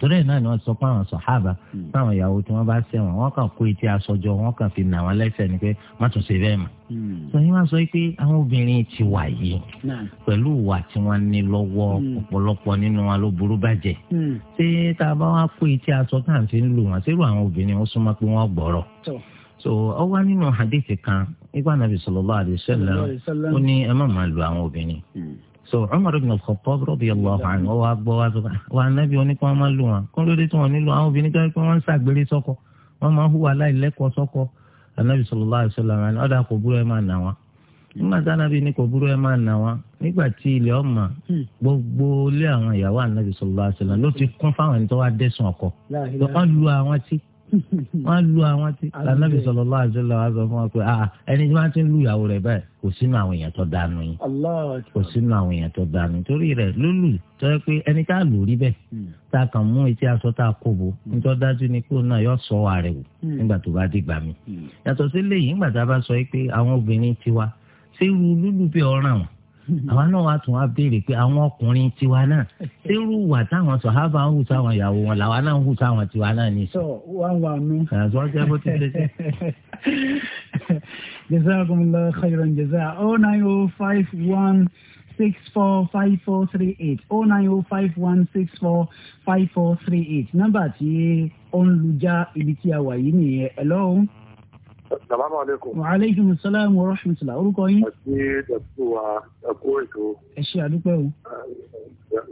torí ẹ̀ náà ni wọ́n sọ pé àwọn sọ̀hábà táwọn ìyàwó tí wọ́n bá sẹ́wọ̀n wọ́n kàn kó etí aṣọ jọ wọ́n kàn fi nà wọ́n lẹ́sẹ̀ ni pé má tún ṣe bẹ́ẹ̀ mọ́. Hmm. sọyìn wá sọ pé àwọn obìnrin ti wà yìí pẹ̀lú ìwà tí wọ́n ní lọ́wọ́ hmm. ọ̀pọ̀lọpọ̀ nínú wọn ló burú bàjẹ́ hmm. ṣé tá a bá wá pé tí aṣọ tá à ń fi ń lò wọ́n ṣé irú àwọn obìnrin wọn súnmọ́ pé wọ́n gbọ́rọ̀ so ọ wá nínú hadithi kan nígbà nàbì sallallahu alaihi wasallam ó ní ẹ má máa lu àwọn obìnrin so Umar ibn al-Khattab radiyallahu anhu wá gbọ́ wá sọ́kà wà nábì wọn ní kí wọ́n má lu wọn kó lóde tí wọ́n nílò àwọn obìnrin tó yẹ kí wọ́n ń ṣàgbèrè sọ́kọ wọ́n máa hùwà láìlẹ́kọ̀ọ́ sọ́kọ anabi sallallahu alaihi wasallam ní ọ̀dà kò burú ẹ máa nà wọn nígbà tí anabi ní kò burú ẹ máa nà wọn nígbà tí ilẹ̀ ọmọ hmm. gbogbo ilé àwọn ìyàwó anabi sallallahu alaihi wasallam ló ti kún fáwọn ẹni tó wá dẹ́sùn ọkọ lọ́kàn lu àwọn tí wọ́n lu àwọn tí lànàbì sallallahu alaihi wasallam àzọ fún wa pé ah, ẹni tí wọ́n ti ń lu ìyàwó rẹ̀ báyìí kò sínú àwọn èèyàn tó dànù yìí kò sínú àwọn èèyàn tó dànù torí rẹ̀ lólù tó yẹ pé ẹni tá a lò rí bẹ́ẹ̀ hmm. tá a kàn mú etí aṣọ tá a kó bo hmm. nítorí dájú ni kó náà yọ sọ wa rẹ̀ wò hmm. nígbà tó bá dìgbà mi yàtọ̀ sí lẹ́yìn nígbà tá a bá sọ pé àwọn obìnrin tiwa ṣé irú bí ọ̀ràn wọn àwọn náà wàá tún wá béèrè pé àwọn ọkùnrin tiwa náà sẹ́rù wà táwọn sọ̀hábà ń hù sáwọn ìyàwó wọn làwa náà ń hù sáwọn tiwa náà ní. sọ wọn wà nù. àti wọn jẹ bó ti ṣe ṣe. jazakumullahu khairan jazaa oh nine oh five one six four five four three eight oh nine oh five one six four five four three eight nọ́mbà tí ó ń lu já ibi tí a wà yìí nìyẹn ẹ lọ́hùn. Assalamu alaikum. Wa alaikum assalam wa rahmatullah. Orúkọ yín. Àti dàtú wa ẹ̀kú ètò. Ẹ ṣe àdúpẹ́ o.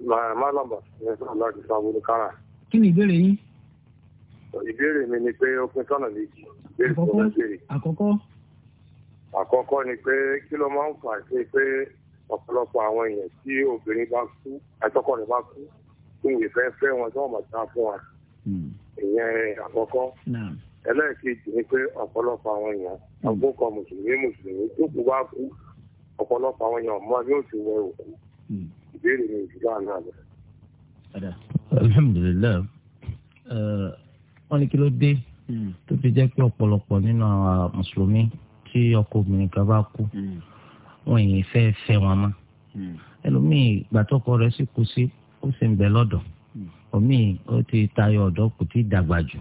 Màlámà ní sọ̀rọ̀ láti sọ àbúrò kára. Kí ni ìbéèrè yín? Ìbéèrè mi ni pé ó pín sọ́nà méjì. Ìbéèrè tó ń béèrè. Àkọ́kọ́. Àkọ́kọ́ ni pé kí ló máa ń fà sí pé ọ̀pọ̀lọpọ̀ àwọn èèyàn tí obìnrin bá kú àtọkọ rẹ̀ bá kú fún ìfẹ́ fẹ́ wọn tí wọ́n mọ̀ sá fún wa. Hmm. Ìyẹn àkọ́kọ́ ẹlẹ́ẹ̀kejì ni pé ọ̀pọ̀lọpọ̀ àwọn èèyàn àgbókọ̀ mùsùlùmí mùsùlùmí tó kù bá kú ọ̀pọ̀lọpọ̀ àwọn èèyàn ọmọ yóò ti wẹ òkú hmm. ìbéèrè mi ìdílé àná rẹ. alhamdulilayi wọn ní kí ló dé hmm. tó fi jẹ́ pé ọ̀pọ̀lọpọ̀ nínú àwọn mùsùlùmí tí ọkọ obìnrin kan bá kú hmm. wọn yìí fẹ́ fẹ́ wọn mọ́ ẹlòmíì gbàtọ́kọ rẹ̀ sì kú sí ó sì ń bẹ lọ́dọ̀ òmíì ó ti tayọ ọ̀dọ́ kò tí dàgbà jù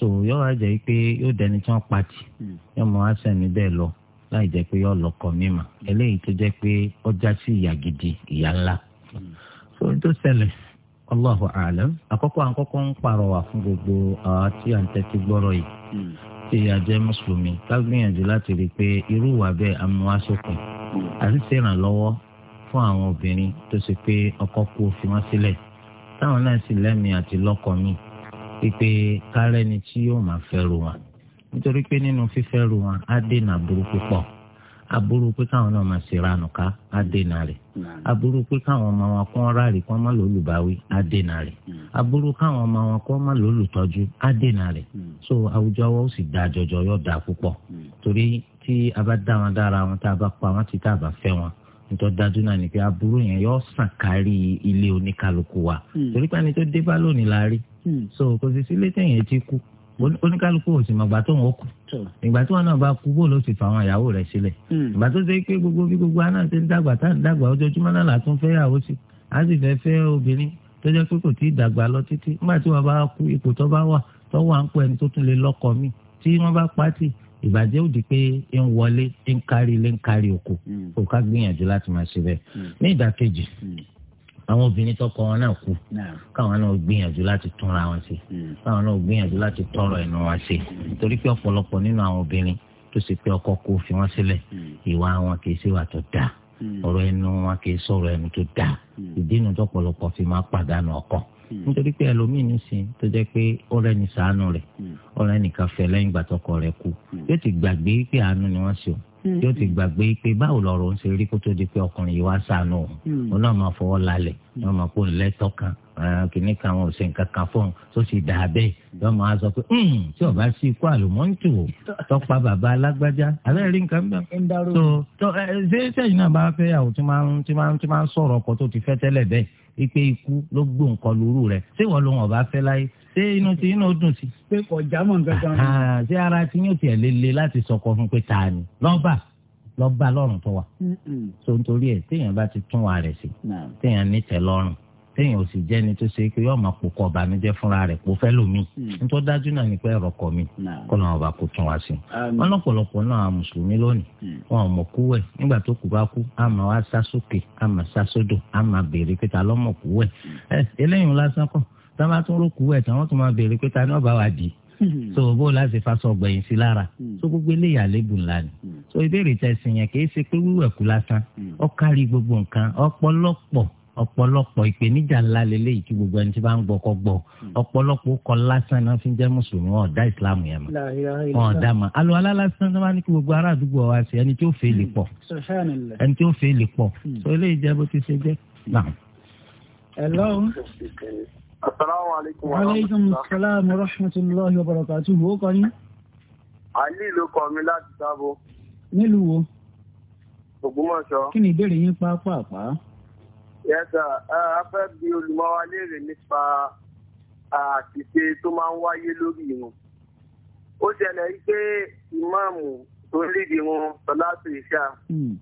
so yóò wá jẹ́ pé yóò dẹni tí wọ́n pati hmm. yóò mọ wá sẹ́ni bẹ́ẹ̀ lọ láì jẹ́ pé yóò lọ́kọ mímọ́ eléyìí tó jẹ́ pé ó já sí ìyà gidi ìyà ńlá so tó ṣẹlẹ̀ Allahu alam àkọ́kọ́ àkọ́kọ́ ń pàrọwà fún gbogbo àwa tí à ń tẹ́tí gbọ́rọ̀ yìí hmm. tí a jẹ́ mùsùlùmí ká gbìyànjú láti rí i pé irú ìwà bẹ́ẹ̀ amúhásókùn hmm. àti ṣèrànlọ́wọ́ fún àwọn obìnrin tó ṣe pé ọkọ kú òfin wọn sílẹ̀ táwọn náà sì lẹ́mìí àti lọ́kọ míì pípé kárẹ́ni tí yóò máa fẹ́rù wọn nítorí pé nínú fífẹ́rù wọn á dènà burúkú pọ̀ aburú pé káwọn náà máa ṣèrànù ká á dènà rẹ̀ aburú pé káwọn ọmọ wọn kọ́ ráàlì kọ́ má lólùbáwí á dènà rẹ̀ aburú káwọn ọmọ wọn kọ́ má lólùtọ́jú á dènà rẹ̀ so àwùjọ wọn ó sì da jọjọ yóò da púpọ̀ torí tí a bá dá wọn dára wọn tá a bá pa wọn tá a bá fẹ́ wọn nítorí dájú náà ni pé aburú yẹn yóò sàn wa hmm. torí pé ẹni tó Hmm. so kò sì sílé tẹ̀yìn etí kú oníkálukú ò sì mọ̀gbà tó ń kú ìgbà tí wọn náà bá kú bó ló sì fa àwọn ìyàwó rẹ̀ sílẹ̀ hmm. ìgbà tó ṣe pé gbogbo bí gbogbo aná ti ń dàgbà tá à ń dàgbà ojoojúmọ́ náà látún fẹ́ yàwó sí a sì fẹ́ fẹ́ obìnrin tó jẹ́ pé kò tí ì dàgbà lọ títí nígbà tí wọn bá kú ipò tó bá wà tó wà ń pọ̀ ẹni tó tún lè lọ́kọ mi tí wọ́n bá pàtì ìbàjẹ́ ò di pé ń wọlé ń kárí ilé ń kárí oko hmm. kò àwọn obìnrin tọkọ wọn náà kú káwọn náà gbìyànjú láti túnra wọn ṣe hmm. káwọn náà gbìyànjú láti tọrọ ẹnu wọn ṣe hmm. torí pé ọ̀pọ̀lọpọ̀ nínú àwọn obìnrin tó ṣe pé ọkọ kò fi wọn sílẹ̀ hmm. ìwà wọn kì í ṣe wà tó dáa ọ̀rọ̀ ẹnu wọn kì í sọ̀rọ̀ ẹnu tó dáa ìdínú tọ̀pọ̀lọpọ̀ fi máa pàdánù ọkọ nítorí pé ẹlòmíín nísìn tó jẹ́ pé ọ̀rẹ́ ní ṣàánú rẹ̀ ọ̀rẹ́ nìkan fẹ́ lẹ́yìn ìgbà tọkọ kú yóò ti gbàgbé pé àánú ni wọ́n ṣe òun Mm-hmm. yóò ti gbàgbé pé báwo lọ̀rọ̀ ń ṣe rí kó tó di pé ọkùnrin yìí wá sànù ó mm-hmm. náà máa fọwọ́ lálẹ̀ náà mm-hmm. máa kó lẹ́tọ́ kan kìnnì kan wọn ò ṣe nǹkan kan fún un tó sì dà bẹ́ẹ̀ yóò máa sọ pé hmm, tí ọba sí ikú àlùmọ́ǹtì o tọ́pa bàbá alágbájá abẹ́rẹ́ rí nǹkan bẹ́ẹ̀ tó ṣé sẹ́yìn náà bá fẹ́ yàwó tí máa ń sọ̀rọ̀ ọkọ tó ti fẹ́ tẹ́lẹ̀ bẹ́ẹ̀ wípé ikú ló gbó nǹkan lóru rẹ̀ ṣé wọ́n lóun ọba fẹ́ láyé ṣé inú ti inú dùn sí. pé kò já mọ̀ nǹkan kan. Ah, ṣé ara ti yóò tiẹ̀ lele láti sọkọ fún pé ta ni lọ́ba lọ́ba lọ́rùn tó wà. so nítorí ẹ̀ téèyàn bá ti tún wa rẹ̀ sí téèyàn ní lọ́rùn téèyàn ò sì jẹ́ni tó ṣe pé yóò máa pokọ ọ̀bànújẹ́ fúnra rẹ̀ kó fẹ́ lómi mm. nítorí dájú náà ni pé ẹ̀rọ kọ mi kó náà ọba kó tún wá sí i wọn lọ́pọ̀lọpọ̀ náà mùsùlùmí lónìí mm. wọn ò mọ̀ kú wẹ̀ nígbà tó kú bá kú a máa wá sá sókè a máa sá sódò a máa béèrè pé ta lọ́mọ̀ kú wẹ̀ ẹ mm. eh, eléyìí lásán kọ́ tí wọ́n bá tún rókù ẹ̀ tí wọ́n tún máa béèrè pé ta ni wọ́n bá wà dì hmm. so bó o láti fa sọ gbẹ̀yìn sí lára hmm. so gbogbo eléyà lébù ńlá ni hmm. so ìbéèrè tẹ̀sìn yẹn kìí ṣe pé wíwẹ̀ kú lásán ó kárí gbogbo nǹkan ọ̀pọ̀lọpọ̀ ọ̀pọ̀lọpọ̀ ìpèníjà ńlá lélẹ́yìí tí gbogbo ẹni tí bá ń gbọ́ kọ́ gbọ́ ọ̀pọ̀lọpọ̀ kọ́ lásán náà fi ń jẹ́ mùsùlùmí wọn ọ̀dá ìsìlámù yẹn mọ̀ wọn ọ̀dá mọ̀ alo alálásán náà wá ní kí gbogbo ará àdúgbò wa ṣe ẹni tí ó fèé lè ẹni tí ó fèé lè so eléyìí jẹ́ bó ti ṣe jẹ́ náà. Asalaamu aleykum wa rahmatulah. Aleykum salaam wa rahmatulahi wa barakatu. Wo kọ yín? Àlí ló kọ mi láti sábò. Nílùú wo? Ògbómọ̀ṣọ́. Kí ni ìbéèrè yín pápápá? Yẹ́sà, a fẹ́ bi olùmọ̀wá léèrè nípa àṣìṣe tó máa ń wáyé lórí irun. Ó ṣẹlẹ̀ yí ìmáàmù tó ń lédè wọn sọ láti ìṣá. Hmm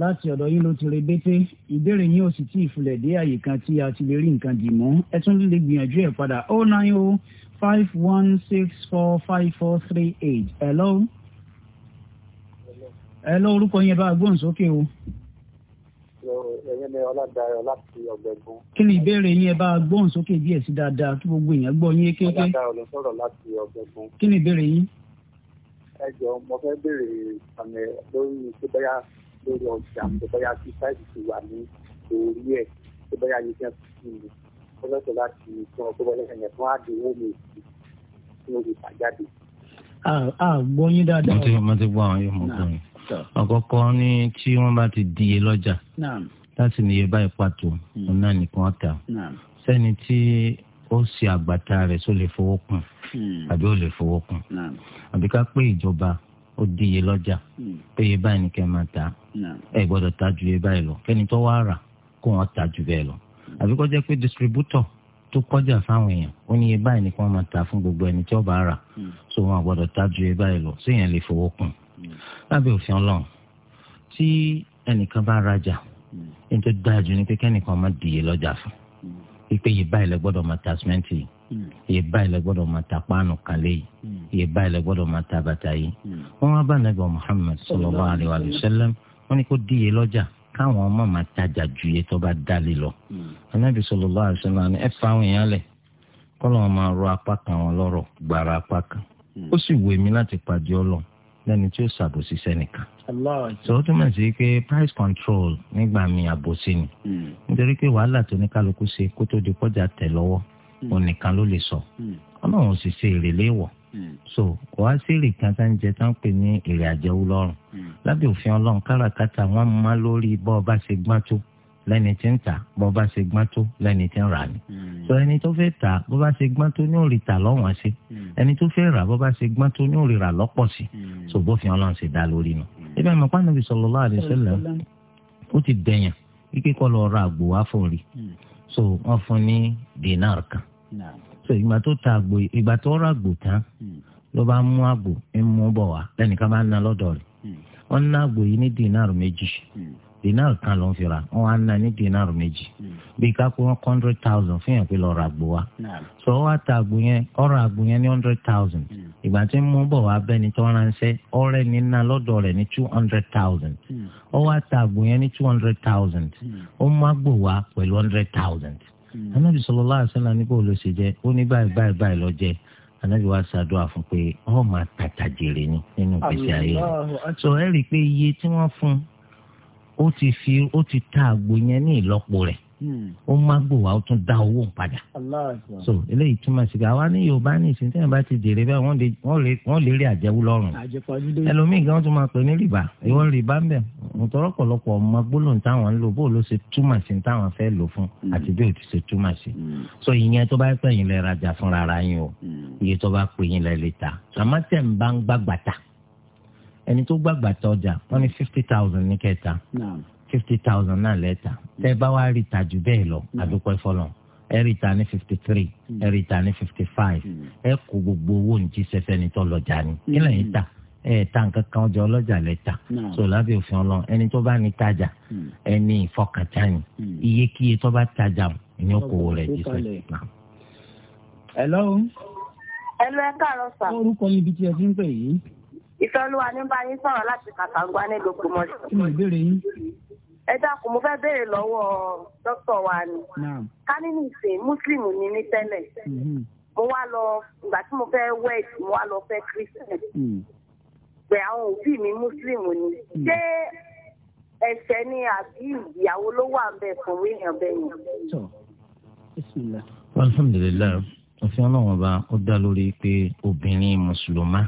láti ọ̀dọ̀ yín ló ti re bété ìbéèrè yín ò sì tí ì fulẹ̀ dé àyè kan tí a ti lè rí nǹkan dì mọ́ ẹ tún lè gbìyànjú ẹ̀ padà oh nine oh five one six four five four three eight hello hello orúkọ yẹn bá gbóhùn o. ẹ̀yẹ́ mi ọládàáyọ̀ láti ọ̀gbẹ̀gún. kí ni ìbéèrè yín ẹ bá gbóhùn sókè díẹ̀ sí dáadáa kí gbogbo èèyàn gbọ́ yín kéke. kí ni ìbéèrè yín. ẹ jọ mo fẹ́ béèrè àmì lórí ìṣẹ́bẹ́yà lórí ọjà tó bá yá sí sáìdì ti wà ní orí ẹ̀ tó bá yá ní kí wọ́n ti fi ọlọ́sọ̀ láti fún ọkọ̀ wọlé ẹ̀ fún àdéhùn mi tí mo lè fà jáde. a gbọ́ yín dáadáa. mo ti mo ti gbọ́ àwọn yóò mọ̀ gbọ́ mi. ọ̀kọ̀ọ̀kọ́ ní tí wọ́n bá ti di iye lọ́jà láti ní iye báyìí pàtó hmm. òun náà nìkan ta sẹ́ni tí ó ṣe àgbàtà rẹ̀ só lè fowó kún hmm. àbí ó lè fowó kún àbí pé ìjọba ó di iye lọ́jà hmm. pé iye báyìí ni kẹ́ máa ta ẹ gbọ́dọ̀ ta ju iye báyìí lọ kẹ́ni tó wá rà kó wọ́n ta ju bẹ́ẹ̀ lọ àbí kó jẹ́ pé distributor tó kọjá fáwọn èèyàn ó ní iye báyìí ni kí wọ́n máa ta fún gbogbo ẹni tí ó bá rà hmm. so wọn gbọ́dọ̀ ta ju iye báyìí lọ séèyàn lè fowó kún hmm. lábẹ́ òfin ọlọ́run tí ẹnìkan bá rajà ní tó dáa ju ni pé kẹ́nìkan máa di iye lọ́jà fún pípé iye báyìí lẹ gbọ́dọ̀ máa ta simẹ́ǹtì yìí Hmm. iye báyìí lẹ gbọ́dọ̀ máa ta páànù kan léyìí hmm. iye báyìí lẹ gbọ́dọ̀ máa ta bàtà yìí hmm. wọn wá bá nàgbà Muhammad sallallahu alaihi wa sallam wọn ni kó díye lọ́jà káwọn ọmọ máa tajà ju iye tó bá dálé lọ anabi sallallahu alaihi wa sallam ẹ fa àwọn èèyàn lẹ kọlọ wọn máa rọ apá kan wọn lọ́rọ̀ gbàrà apá kan ó sì wù mí láti pàdé ọlọ lẹ́ni tí ó ṣàbòsí sẹ́nìkan. sọ tó mọ̀ sí pé price control nígbà mi àbòsí ni nítorí pé wàhálà tó ní kálukú ṣe kó tó di kọjá tẹ̀ lọ́wọ́ onìkan hmm. ló lè sọ hmm. ọlọ́run sì ṣe èrè léwọ̀ hmm. so kò wá sí èrè kan tá ń jẹ tá ń pè ní èrè àjẹwò lọ́rùn lábẹ́ òfin ọlọ́run káràkátà wọ́n má lórí bọ́ ọ bá ṣe gbọ́n tó lẹ́ni tí ń tà bọ́ bá ṣe gbọ́n tó lẹ́ni tí ń rà ni. sọ ẹni tó fẹ́ tà bọ́ bá ṣe gbọ́n tó ní òòrì tà lọ́wọ́n sí ẹni tó fẹ́ rà bọ́ bá ṣe gbọ́n tó ní òòrì rà lọ́pọ̀ sí so bófin ọlọ́run ṣe dá lórí nu. ibà mọ̀ pé Ànábì sallallahu alaihi wasallam ó ti dẹ̀yàn kíkẹ́ lọ ra àgbò wá fún rí so wọ́n fún ní dinar kan so ìgbà tó ta àgbò ìgbà tó rà àgbò tán hmm. ló bá mú àgbò ń mú bọ̀ wá lẹ́nìkan bá ń na lọ́dọ̀ rẹ̀ hmm. wọ́n ń ná àgbò yìí ní dínàrù méjì hmm. dínàrù kan ló ń fi ra wọ́n á ná ní dínàrù méjì bí kápẹ́ wọn hundred thousand fún yẹn pé lọ́ọ́ ra àgbò wa so wọ́n á ta àgbò yẹn ọ̀rọ̀ àgbò yẹn ní hundred thousand ìgbà tí ń mú bọ̀ wá ni tó ránṣẹ́ ọ̀rẹ́ ní ná lọ́dọ̀ rẹ̀ ní two hundred thousand ó wá ta àgbò two hundred thousand ó má gbò wá hundred thousand. anabi hmm. sọlọ alaihi wasallam ní kò ló ṣe jẹ ó ní báyìí báyìí báyìí lọ jẹ anabi wa ṣàdúrà fún pé ọ máa tàtà jèrè ni nínú ìgbésí ayé rẹ so ẹ rí i pé iye tí wọn fún ó ti ta àgbo yẹn ní ìlọ́po ó má gbò wá ó tún dá owó padà. so eléyìí túmọ̀ sí pé àwa ní yorùbá ní ìsìn tẹ́yìn bá ti dèrè bẹ́ẹ̀ wọ́n lè rí àjẹwú lọ́rùn. ẹlòmíì gan tún máa pè ní rìbá ìwọ rìbá ń bẹ̀ nítorí ọ̀pọ̀lọpọ̀ ọmọ gbólóhùn táwọn ń lò bó ló ṣe túmọ̀ sí táwọn fẹ́ lò fún mm. àti bí ó ti ṣe túmọ̀ sí. Mm. so ìyẹn tó bá pè yín lẹ rajà fúnra ara yín o mm. iye tó bá pè yín lẹ lè ta àmọ́ tẹ̀ ń bá ń gbàgbàtà ẹni tó gbàgbàtà ọjà wọ́n ní fifty thousand ní kẹta fifty thousand náà lẹ́ta tẹ́ bá wá rí ta jù bẹ́ẹ̀ lọ mm. àdúpẹ́ fọlọ́ ẹ rí ta ní fifty three mm. ẹ rí ta ní fifty five mm. ẹ kó gbogbo owó ní jíṣẹ́ fẹ́ni tó lọ́jà ni kí lẹ́yìn ta ẹ ta nǹkan kan ọjà ọlọ́jà lẹ́ta so lábẹ́ òfin ọlọ́run ẹni tó bá ní tajà ẹni ìfọkàntán ni iyekíye tó bá tajà ni ó kó owó rẹ̀ jíṣẹ́. hello. ẹ káàárọ̀ sà. orúkọ ibi tí ẹ fi ń pè yìí. ìfẹ́ ní bá yín sọ̀rọ̀ láti kàkàngbá nílùú kùmọ̀sí. kí ẹ dákun mo fẹ́ béèrè lọ́wọ́ dókítà wa ni ká nínú ìsìn mùsùlùmù ni mí tẹ́lẹ̀ mm-hmm. mo wá lọ ìgbà tí mo fẹ́ wed mo wá lọ fẹ́ christian mm. pé àwọn òbí mi mùsùlùmù ni mm. ṣé ẹ̀ṣẹ̀ ni àbí ìyàwó ló wà ń bẹ fún wíyàn bẹ́yìn. alhamdulilayi òfin ọlọ́run ọba ó dá lórí pé obìnrin mùsùlùmá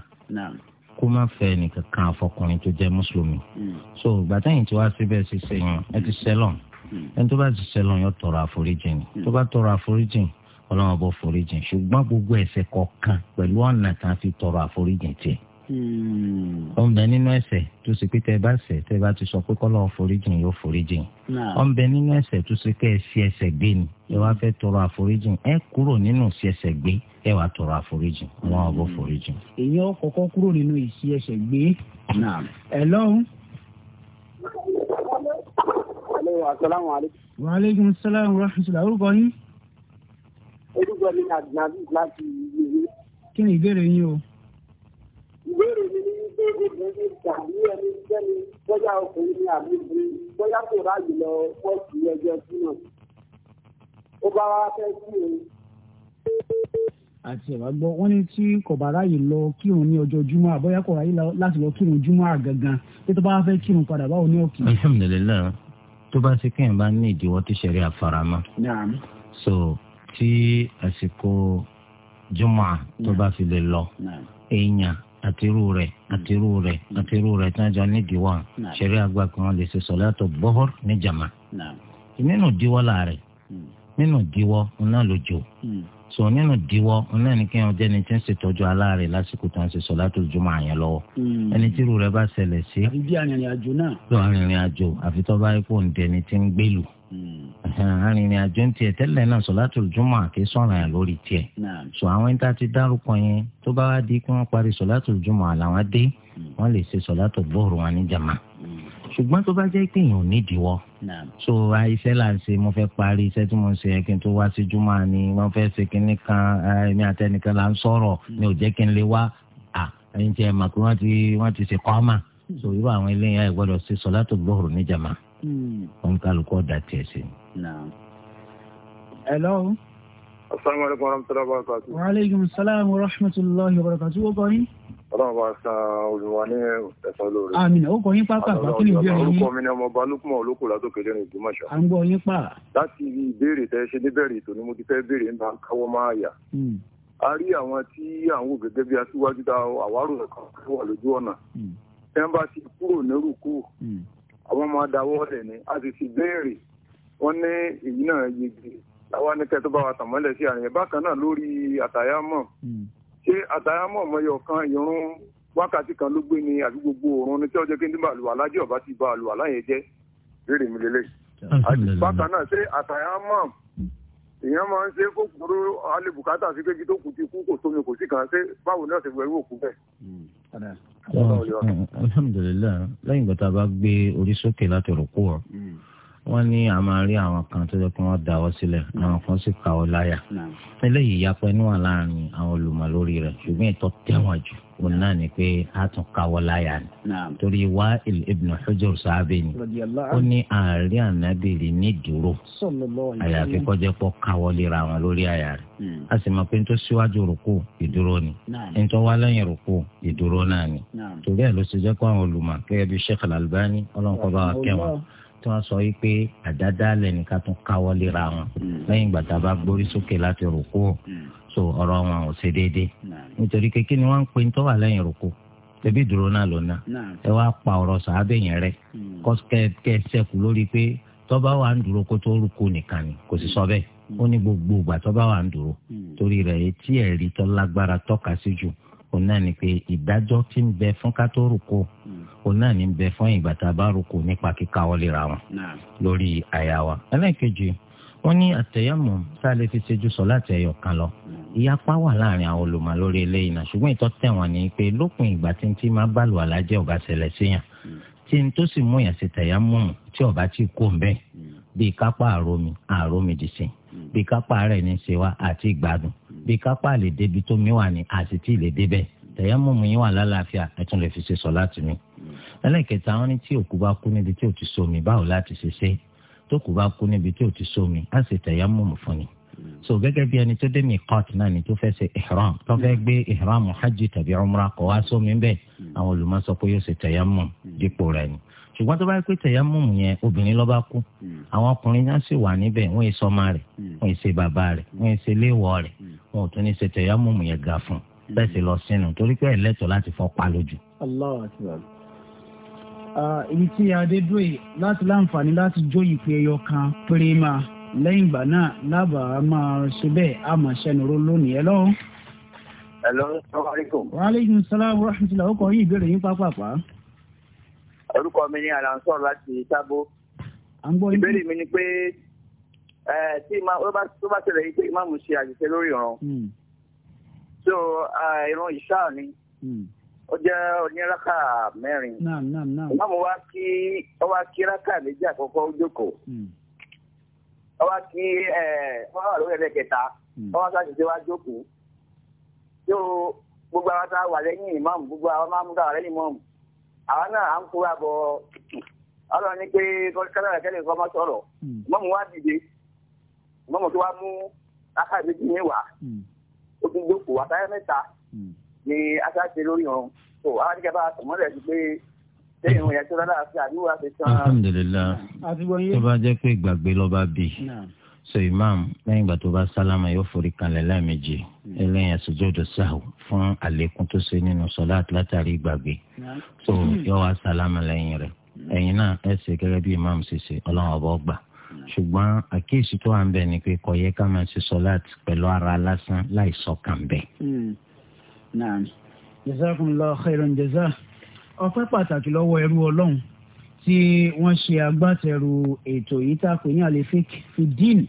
kó má fẹ́ nìkan kan àfọkùnrin tó jẹ́ mùsùlùmí. Hmm. so gbàtẹ́yìn tí wàá síbẹ̀ ṣe ṣe yàn ẹ ti sẹ́lọ̀n hmm. ẹni tó bá ti sẹ́lọ̀n yóò tọrọ àforíjì ni hmm. tó bá tọrọ àforíjì ọlọ́run ọbọ̀ foríjì ṣùgbọ́n gbogbo ẹ̀ṣẹ̀ kọ̀ọ̀kan pẹ̀lú ọ̀nà tá fi tọrọ àforíjì tiẹ̀. Hmm. ó nínú ẹ̀ṣẹ̀ tó ṣe bá tẹ bá ti sọ pé kọlọ foríjìn yóò foríjìn ó nínú tó ṣe pé ẹ gbé ni ẹ wá fẹ́ tọrọ àforíjìn ẹ kúrò nínú ṣi ẹ̀ṣẹ̀ gbé ẹ wá tọrọ àforíjìn wọn ò bọ hmm. foríjìn. èyí ó kọ́kọ́ kúrò nínú ìṣí ẹ̀ṣẹ̀ gbé ẹ wa aleykum salaam wa rahmatulah ìbéèrè mi ní pé obìnrin ti gbà ní ẹni sẹ́ni bóyá ọkùnrin ni àbí obìnrin kò ráàyè lọ wọ́ọ̀sì ẹjọ́ sínú ó bá wá fẹ́ sí o. àti ẹ̀wá gbọ́ wọ́n ní tí kò bá ráàyè lọ kírun ní ọjọ́ júmọ́ àbóyá kò ráàyè láti lọ kírun júmọ́ àgangan pé tó bá wá fẹ́ kírun padà báwo ní òkè. alhamdulilayi tó bá ṣe kéèyàn bá ní ìdíwọ́ tí ṣẹ̀rí àfaramọ́. so tí àsìkò jùmọ̀ tó bá fi lè lọ èèyàn àtirú rẹ̀ àtirú rẹ̀ mm. àtirú rẹ̀ tí wọ́n jọ nídìí wà ṣẹ̀rí àgbà kí wọ́n lè ṣe sọ̀látò bọ́họ́r ní jàmá. nínú díwọ́ láàrẹ̀ mm. nínú díwọ́ náà ló jò mm. so nínú díwọ́ náà ní kí wọ́n jẹ́ ẹni tí ń ṣètọ́jú aláàrẹ̀ lásìkò tí wọ́n ṣe sọ̀látò jùmọ̀ àyàn lọ́wọ́ ẹni tí irú rẹ̀ bá ṣẹlẹ̀ sí. àbí bí arìnrìn àjò náà. lọ arìnrìn àjò àfi tó bá ń dẹni tí ń gbèlú arìnrìn àjò ń tiẹ̀ tẹ́lẹ̀ náà sọ̀látùl júmọ̀ àké sọ̀ràn yà lórí tiẹ̀ sọ àwọn ẹni tá a ti dárúkọ yẹn tó bá wá di kí wọ́n parí sọ̀látùl júmọ̀ àlàwọ̀n dé hmm. wọ́n lè ṣe sọ̀látù bóòrù wọn ní jàmá hmm. ṣùgbọ́n tó bá jẹ́ pé èèyàn ò ní ìdíwọ́ so iṣẹ́ là ń ṣe mo fẹ́ parí iṣẹ́ tí mo ń ṣe kí n tó wá sí júmọ̀ ni wọ́n fẹ́ ṣe kinní kan ẹ̀mí àtẹnìkan là ń sọ̀rọ̀ ni ò jẹ́ kí n lè wá ẹ̀yin tí ẹ̀ mọ̀ pé wọ́n ti ṣe kọ́ ọ́ mà hmm. so irú àwọn eléyìí ẹ̀ gbọ́dọ̀ ṣe sọ̀látù bóòrù ní jàmá òun hmm. kálukọ́ da tiẹ̀ sí. hello. asalaamualeykum wa rahmatulahi wa barakatu. wa aleykum salaam wa rahmatulahi wa barakatu. o kọ́ yín. ọlọ́run bá sa olùwà ní ẹ̀sán lóore. àmín ó kọ́ yín pápá àgbà kí ni ìbéèrè yín. orúkọ mi ni ọmọ balùkùmọ̀ olóko látó kẹlẹ́ ní ìgbìmọ̀ṣọ́. à ń gbọ́ yín pa. láti ìbéèrè tẹ́ ṣe níbẹ̀rẹ̀ ètò ni mo ti fẹ́ béèrè nípa káwọ́ máa yà hmm. a rí àwọn tí àwọn gẹ́gẹ́ bí aṣíwájú ta àwárò ẹ̀kan wà lójú ọ̀nà. Hmm. tẹ́ńbà àwọn máa dáwọ́ ni a sì fi béèrè wọ́n ní èyí náà yege làwọn anìkẹ́ tó bá wa tàn mọ́lẹ̀ sí àyẹ̀ bákan náà lórí àtàyámọ̀ hmm. ṣé àtàyámọ̀ mọ́yọ kan ìrun wákàtí kan ló gbé ni àbí gbogbo òrun ni tí ọjọ́ kí n bá lu alájọ́ ti bá lu aláyẹn rírì mi lélẹ̀ bákan náà ṣé àtàyámọ̀ èèyàn máa ń ṣe kó kúrú alẹ́ bùkátà sí kébi tó kù ti kú kò tómi kò sí kan ṣé báwo náà ṣe gbẹrú òkú bẹ́ẹ̀. Mm. alhamdulilayi lẹ́yìn ìgbà tá a bá gbé orí sókè láti rò kú ọ wọ́n ní a máa rí àwọn kan tó jẹ́ pé wọ́n dáwọ́ sílẹ̀ àwọn kan sì kà ọ́ láyà eléyìí yapa inú wà láàrin àwọn olùmọ̀ lórí rẹ̀ ṣùgbọ́n ìtọ́ tẹ̀wọ̀n jù òun náà ni pé a tún káwọ́ láyà ni torí Wa'il ibn Hujr sáábẹ̀ ni ó ní àárín ànábìrì ní dúró àyàfi kọjá pọ̀ káwọ́ lera wọn lórí àyà rẹ̀ hmm. a sì mọ̀ pé nítorí síwájú rúkú ìdúró ni nítorí wá lẹ́yìn rúkú ìdúró náà ni torí ẹ̀ ló ṣe jẹ́ kó àwọn olùmọ̀ kẹ́gẹ́ albani ọlọ́nkọ́ bá tí wọ́n sọ wípé àdádálẹ̀ nìkan tún káwọ́ léra wọn lẹ́yìn ìgbà tá a bá gbórí sókè láti rúkú so ọ̀rọ̀ wọn ò ṣe déédéé nítorí kékè ni wọ́n ń pè ń tọ́wà lẹ́yìn rúkú tẹbi dúró náà lọ náà ẹ wá pa ọ̀rọ̀ sàábẹ yẹn rẹ kọsíkẹ sẹkù lórí pé tọba wà ń dúró kó tó rúkú nìkan ni kò sì sọ bẹ́ẹ̀ ó ní gbogbo ìgbà tọba wà ń dúró torí rẹ̀ etí ẹ̀rí tó òun náà ni pé ìdájọ́ tí ń bẹ fún kátó rúkọ hmm. òun náà ni ń bẹ fún ìgbà tá a bá rúkọ nípa kíka wọlé wọn lórí àyà wa. ẹlẹ́ẹ̀kejì wọ́n ní àtẹ̀yàmù tá a lè fi ṣẹ́jú sọ láti ẹ̀yọ̀ kan lọ hmm. ìyapa wà láàrin àwọn olùmọ̀ lórí eléyìí náà ṣùgbọ́n ìtọ́ tẹ̀wọ̀n ni pé lópin ìgbà tí ń tí máa bá lù alájẹ́ ọ̀bá ṣẹlẹ̀ síyàn hmm. tí ń tó sì mú yàn ṣe tẹ̀yàmù tí ọ̀bá ti kó bẹ́ẹ̀ bí kápá àromi àromi ti sìn hmm. bí kápá rẹ̀ ní ṣe wá àti ìgbádùn hmm. bí kápá lè débi tó mi wà ní àti tí lè débẹ̀ hmm. tẹ̀yẹ́mú mi wà lálàáfíà ẹ tún lè fi ṣe sọ láti mi. ẹlẹ́kẹta wọn ní tí òkú bá kú níbi tí ò ti somi báwo láti ṣe ṣe tó kú bá kú níbi tí ò ti somi á sì tẹ̀yẹ́mú mi fún ni so gẹ́gẹ́ bí ẹni tó dé mi kọ́ọ̀tù náà ni tó fẹ́ ṣe ihram tó fẹ́ gbé ihram hajj tàbí umrah kọ́ wá sómi bẹ́ẹ̀ àwọn olùmọ̀ sọ pé yóò ṣe tayammum dípò rẹ̀ ni ṣùgbọ́n tó bá pé tẹ̀yámùmù yẹn obìnrin ló bá kú hmm. àwọn ọkùnrin náà sì wà níbẹ̀ wọ́n yìí sọ́mà rẹ̀ hmm. wọ́n yìí ṣe bàbá rẹ̀ hmm. wọ́n yìí ṣe léèwọ̀ rẹ̀ wọn ò tún ní ṣe tẹ̀yámùmù yẹn ga fún un bẹ́ẹ̀ sì lọ sínú torí pé ẹ̀lẹ́tọ̀ láti fọ́ pa lójú. ibi tí adé dúró yìí láti láǹfààní láti jó ìpè ẹyọ kan péré máa lẹ́yìn ìgbà náà lábàá máa ṣe bẹ́ẹ̀ á máa ṣẹnuró ẹ lọ́wọ́. ẹ lọ́wọ́ sọ́wọ́ àríkò. wàhálà ìgbìmọ̀ sálámù rahmatulah ó kọ́ yí ìbéèrè yín pápá pàá. orúkọ mi ni alansor láti sábó ìbéèrè mi ni pé tí tó bá ṣẹlẹ̀ yìí pé ṣe àṣìṣe hmm. so ìran ìṣá ni hmm. ó jẹ́ oníraka mẹ́rin ìmáàmù wa kí ó wá kí raka méjì àkọ́kọ́ ó jókòó hmm. ó wá kí wọ́n wà so gbogbo àwọn tá a wà lẹ́yìn ìmáàmù gbogbo àwọn náà à ń kóra bọ ọlọ́run ní pé kọ́lára kẹ́lẹ́ nǹkan máa sọ̀rọ̀ hmm. mọ́mú wá dìde mọ́mú tó wá mú aká méjì mẹ́wàá hmm. ó tún jókòó àtàyẹ mẹ́ta hmm. ni aká ṣe lórí ọ̀run tó àwọn àdìgẹ́ bá a sọ mọ́lẹ̀ sí pé lẹ́yìn ìrìn àjò rárá àti àdúrà ti tán. alhamdulilayi tó bá jẹ́ pé ìgbàgbé lọ́ba bì so imam lẹ́yìn ìgbà tó bá sálámà yóò forí kanlẹ̀ lẹ́ẹ̀mejì eléyàn sojúdò sáà fún àlékún tó ṣe nínú sọláàtì látàrí ìgbàgbé hmm. so yóò wá sálámà lẹ́yìn rẹ̀ hmm. ẹ̀yin náà ẹ ṣe gẹ́gẹ́ bí imam ṣe ṣe ọlọ́run ọba ọgbà hmm. ṣùgbọ́n àkíyèsí tó wà ń bẹ ni pé kò yẹ ká máa ṣe sọláàtì pẹ̀lú ara lásán láì sọkàn bẹ́ẹ̀. naam jazakumullahu pàtàkì lọ́wọ́ ẹrú Ọlọ́run tí wọ́n ṣe agbátẹrù ètò yìí tá a pè ní alefik fidin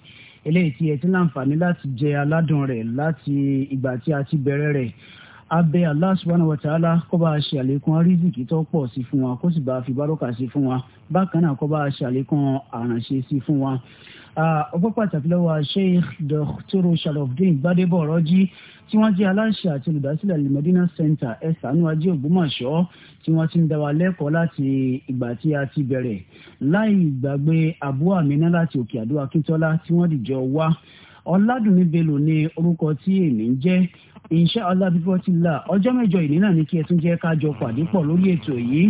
eléyìí tí ẹ ti láǹfààní láti jẹ aládùn rẹ̀ láti ìgbà tí a ti bẹ̀rẹ̀ rẹ̀ abẹ Allah subhanahu wa ta'ala kó bá a ṣe àlékún arísìkí tó pọ̀ sí fún wa kó sì bá a fi bárọ̀kà sí fún wa bákan náà kó bá a ṣe àlékún àrànṣe sí fún wa ọpẹ́ pàtàkì lọ́wọ́ sheikh dr sharafdin gbadebo ọ̀rọ̀jì tí wọ́n jẹ́ aláṣẹ àti olùdásílẹ̀ limedina center ẹ̀sánú ajé ògbómọ̀ṣọ́ tí wọ́n ti ń dá wa lẹ́kọ̀ọ́ láti ìgbà tí a ti bẹ̀rẹ̀ láì gbàgbé abu amina láti òkè àdó akíntola tí wọ́n dìjọ wá ọ̀làdùnní bello ní orúkọ tí èmi ń jẹ́ insha allah bí wọ́n ti là ọjọ́ mẹ́jọ ìní náà ni kí ẹ tún jẹ́ ká jọ pàdé pọ̀ lórí ètò yìí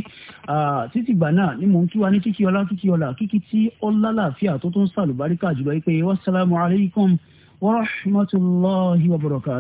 títí gbà náà ni mò ń kí wa ní kíkí ọlá kíkí ọlá kíkí tí ó lálàáfíà tó tún sàlùbáríkà jùlọ wípé wassalamu alaikum warahmatullahi wabarakatuh.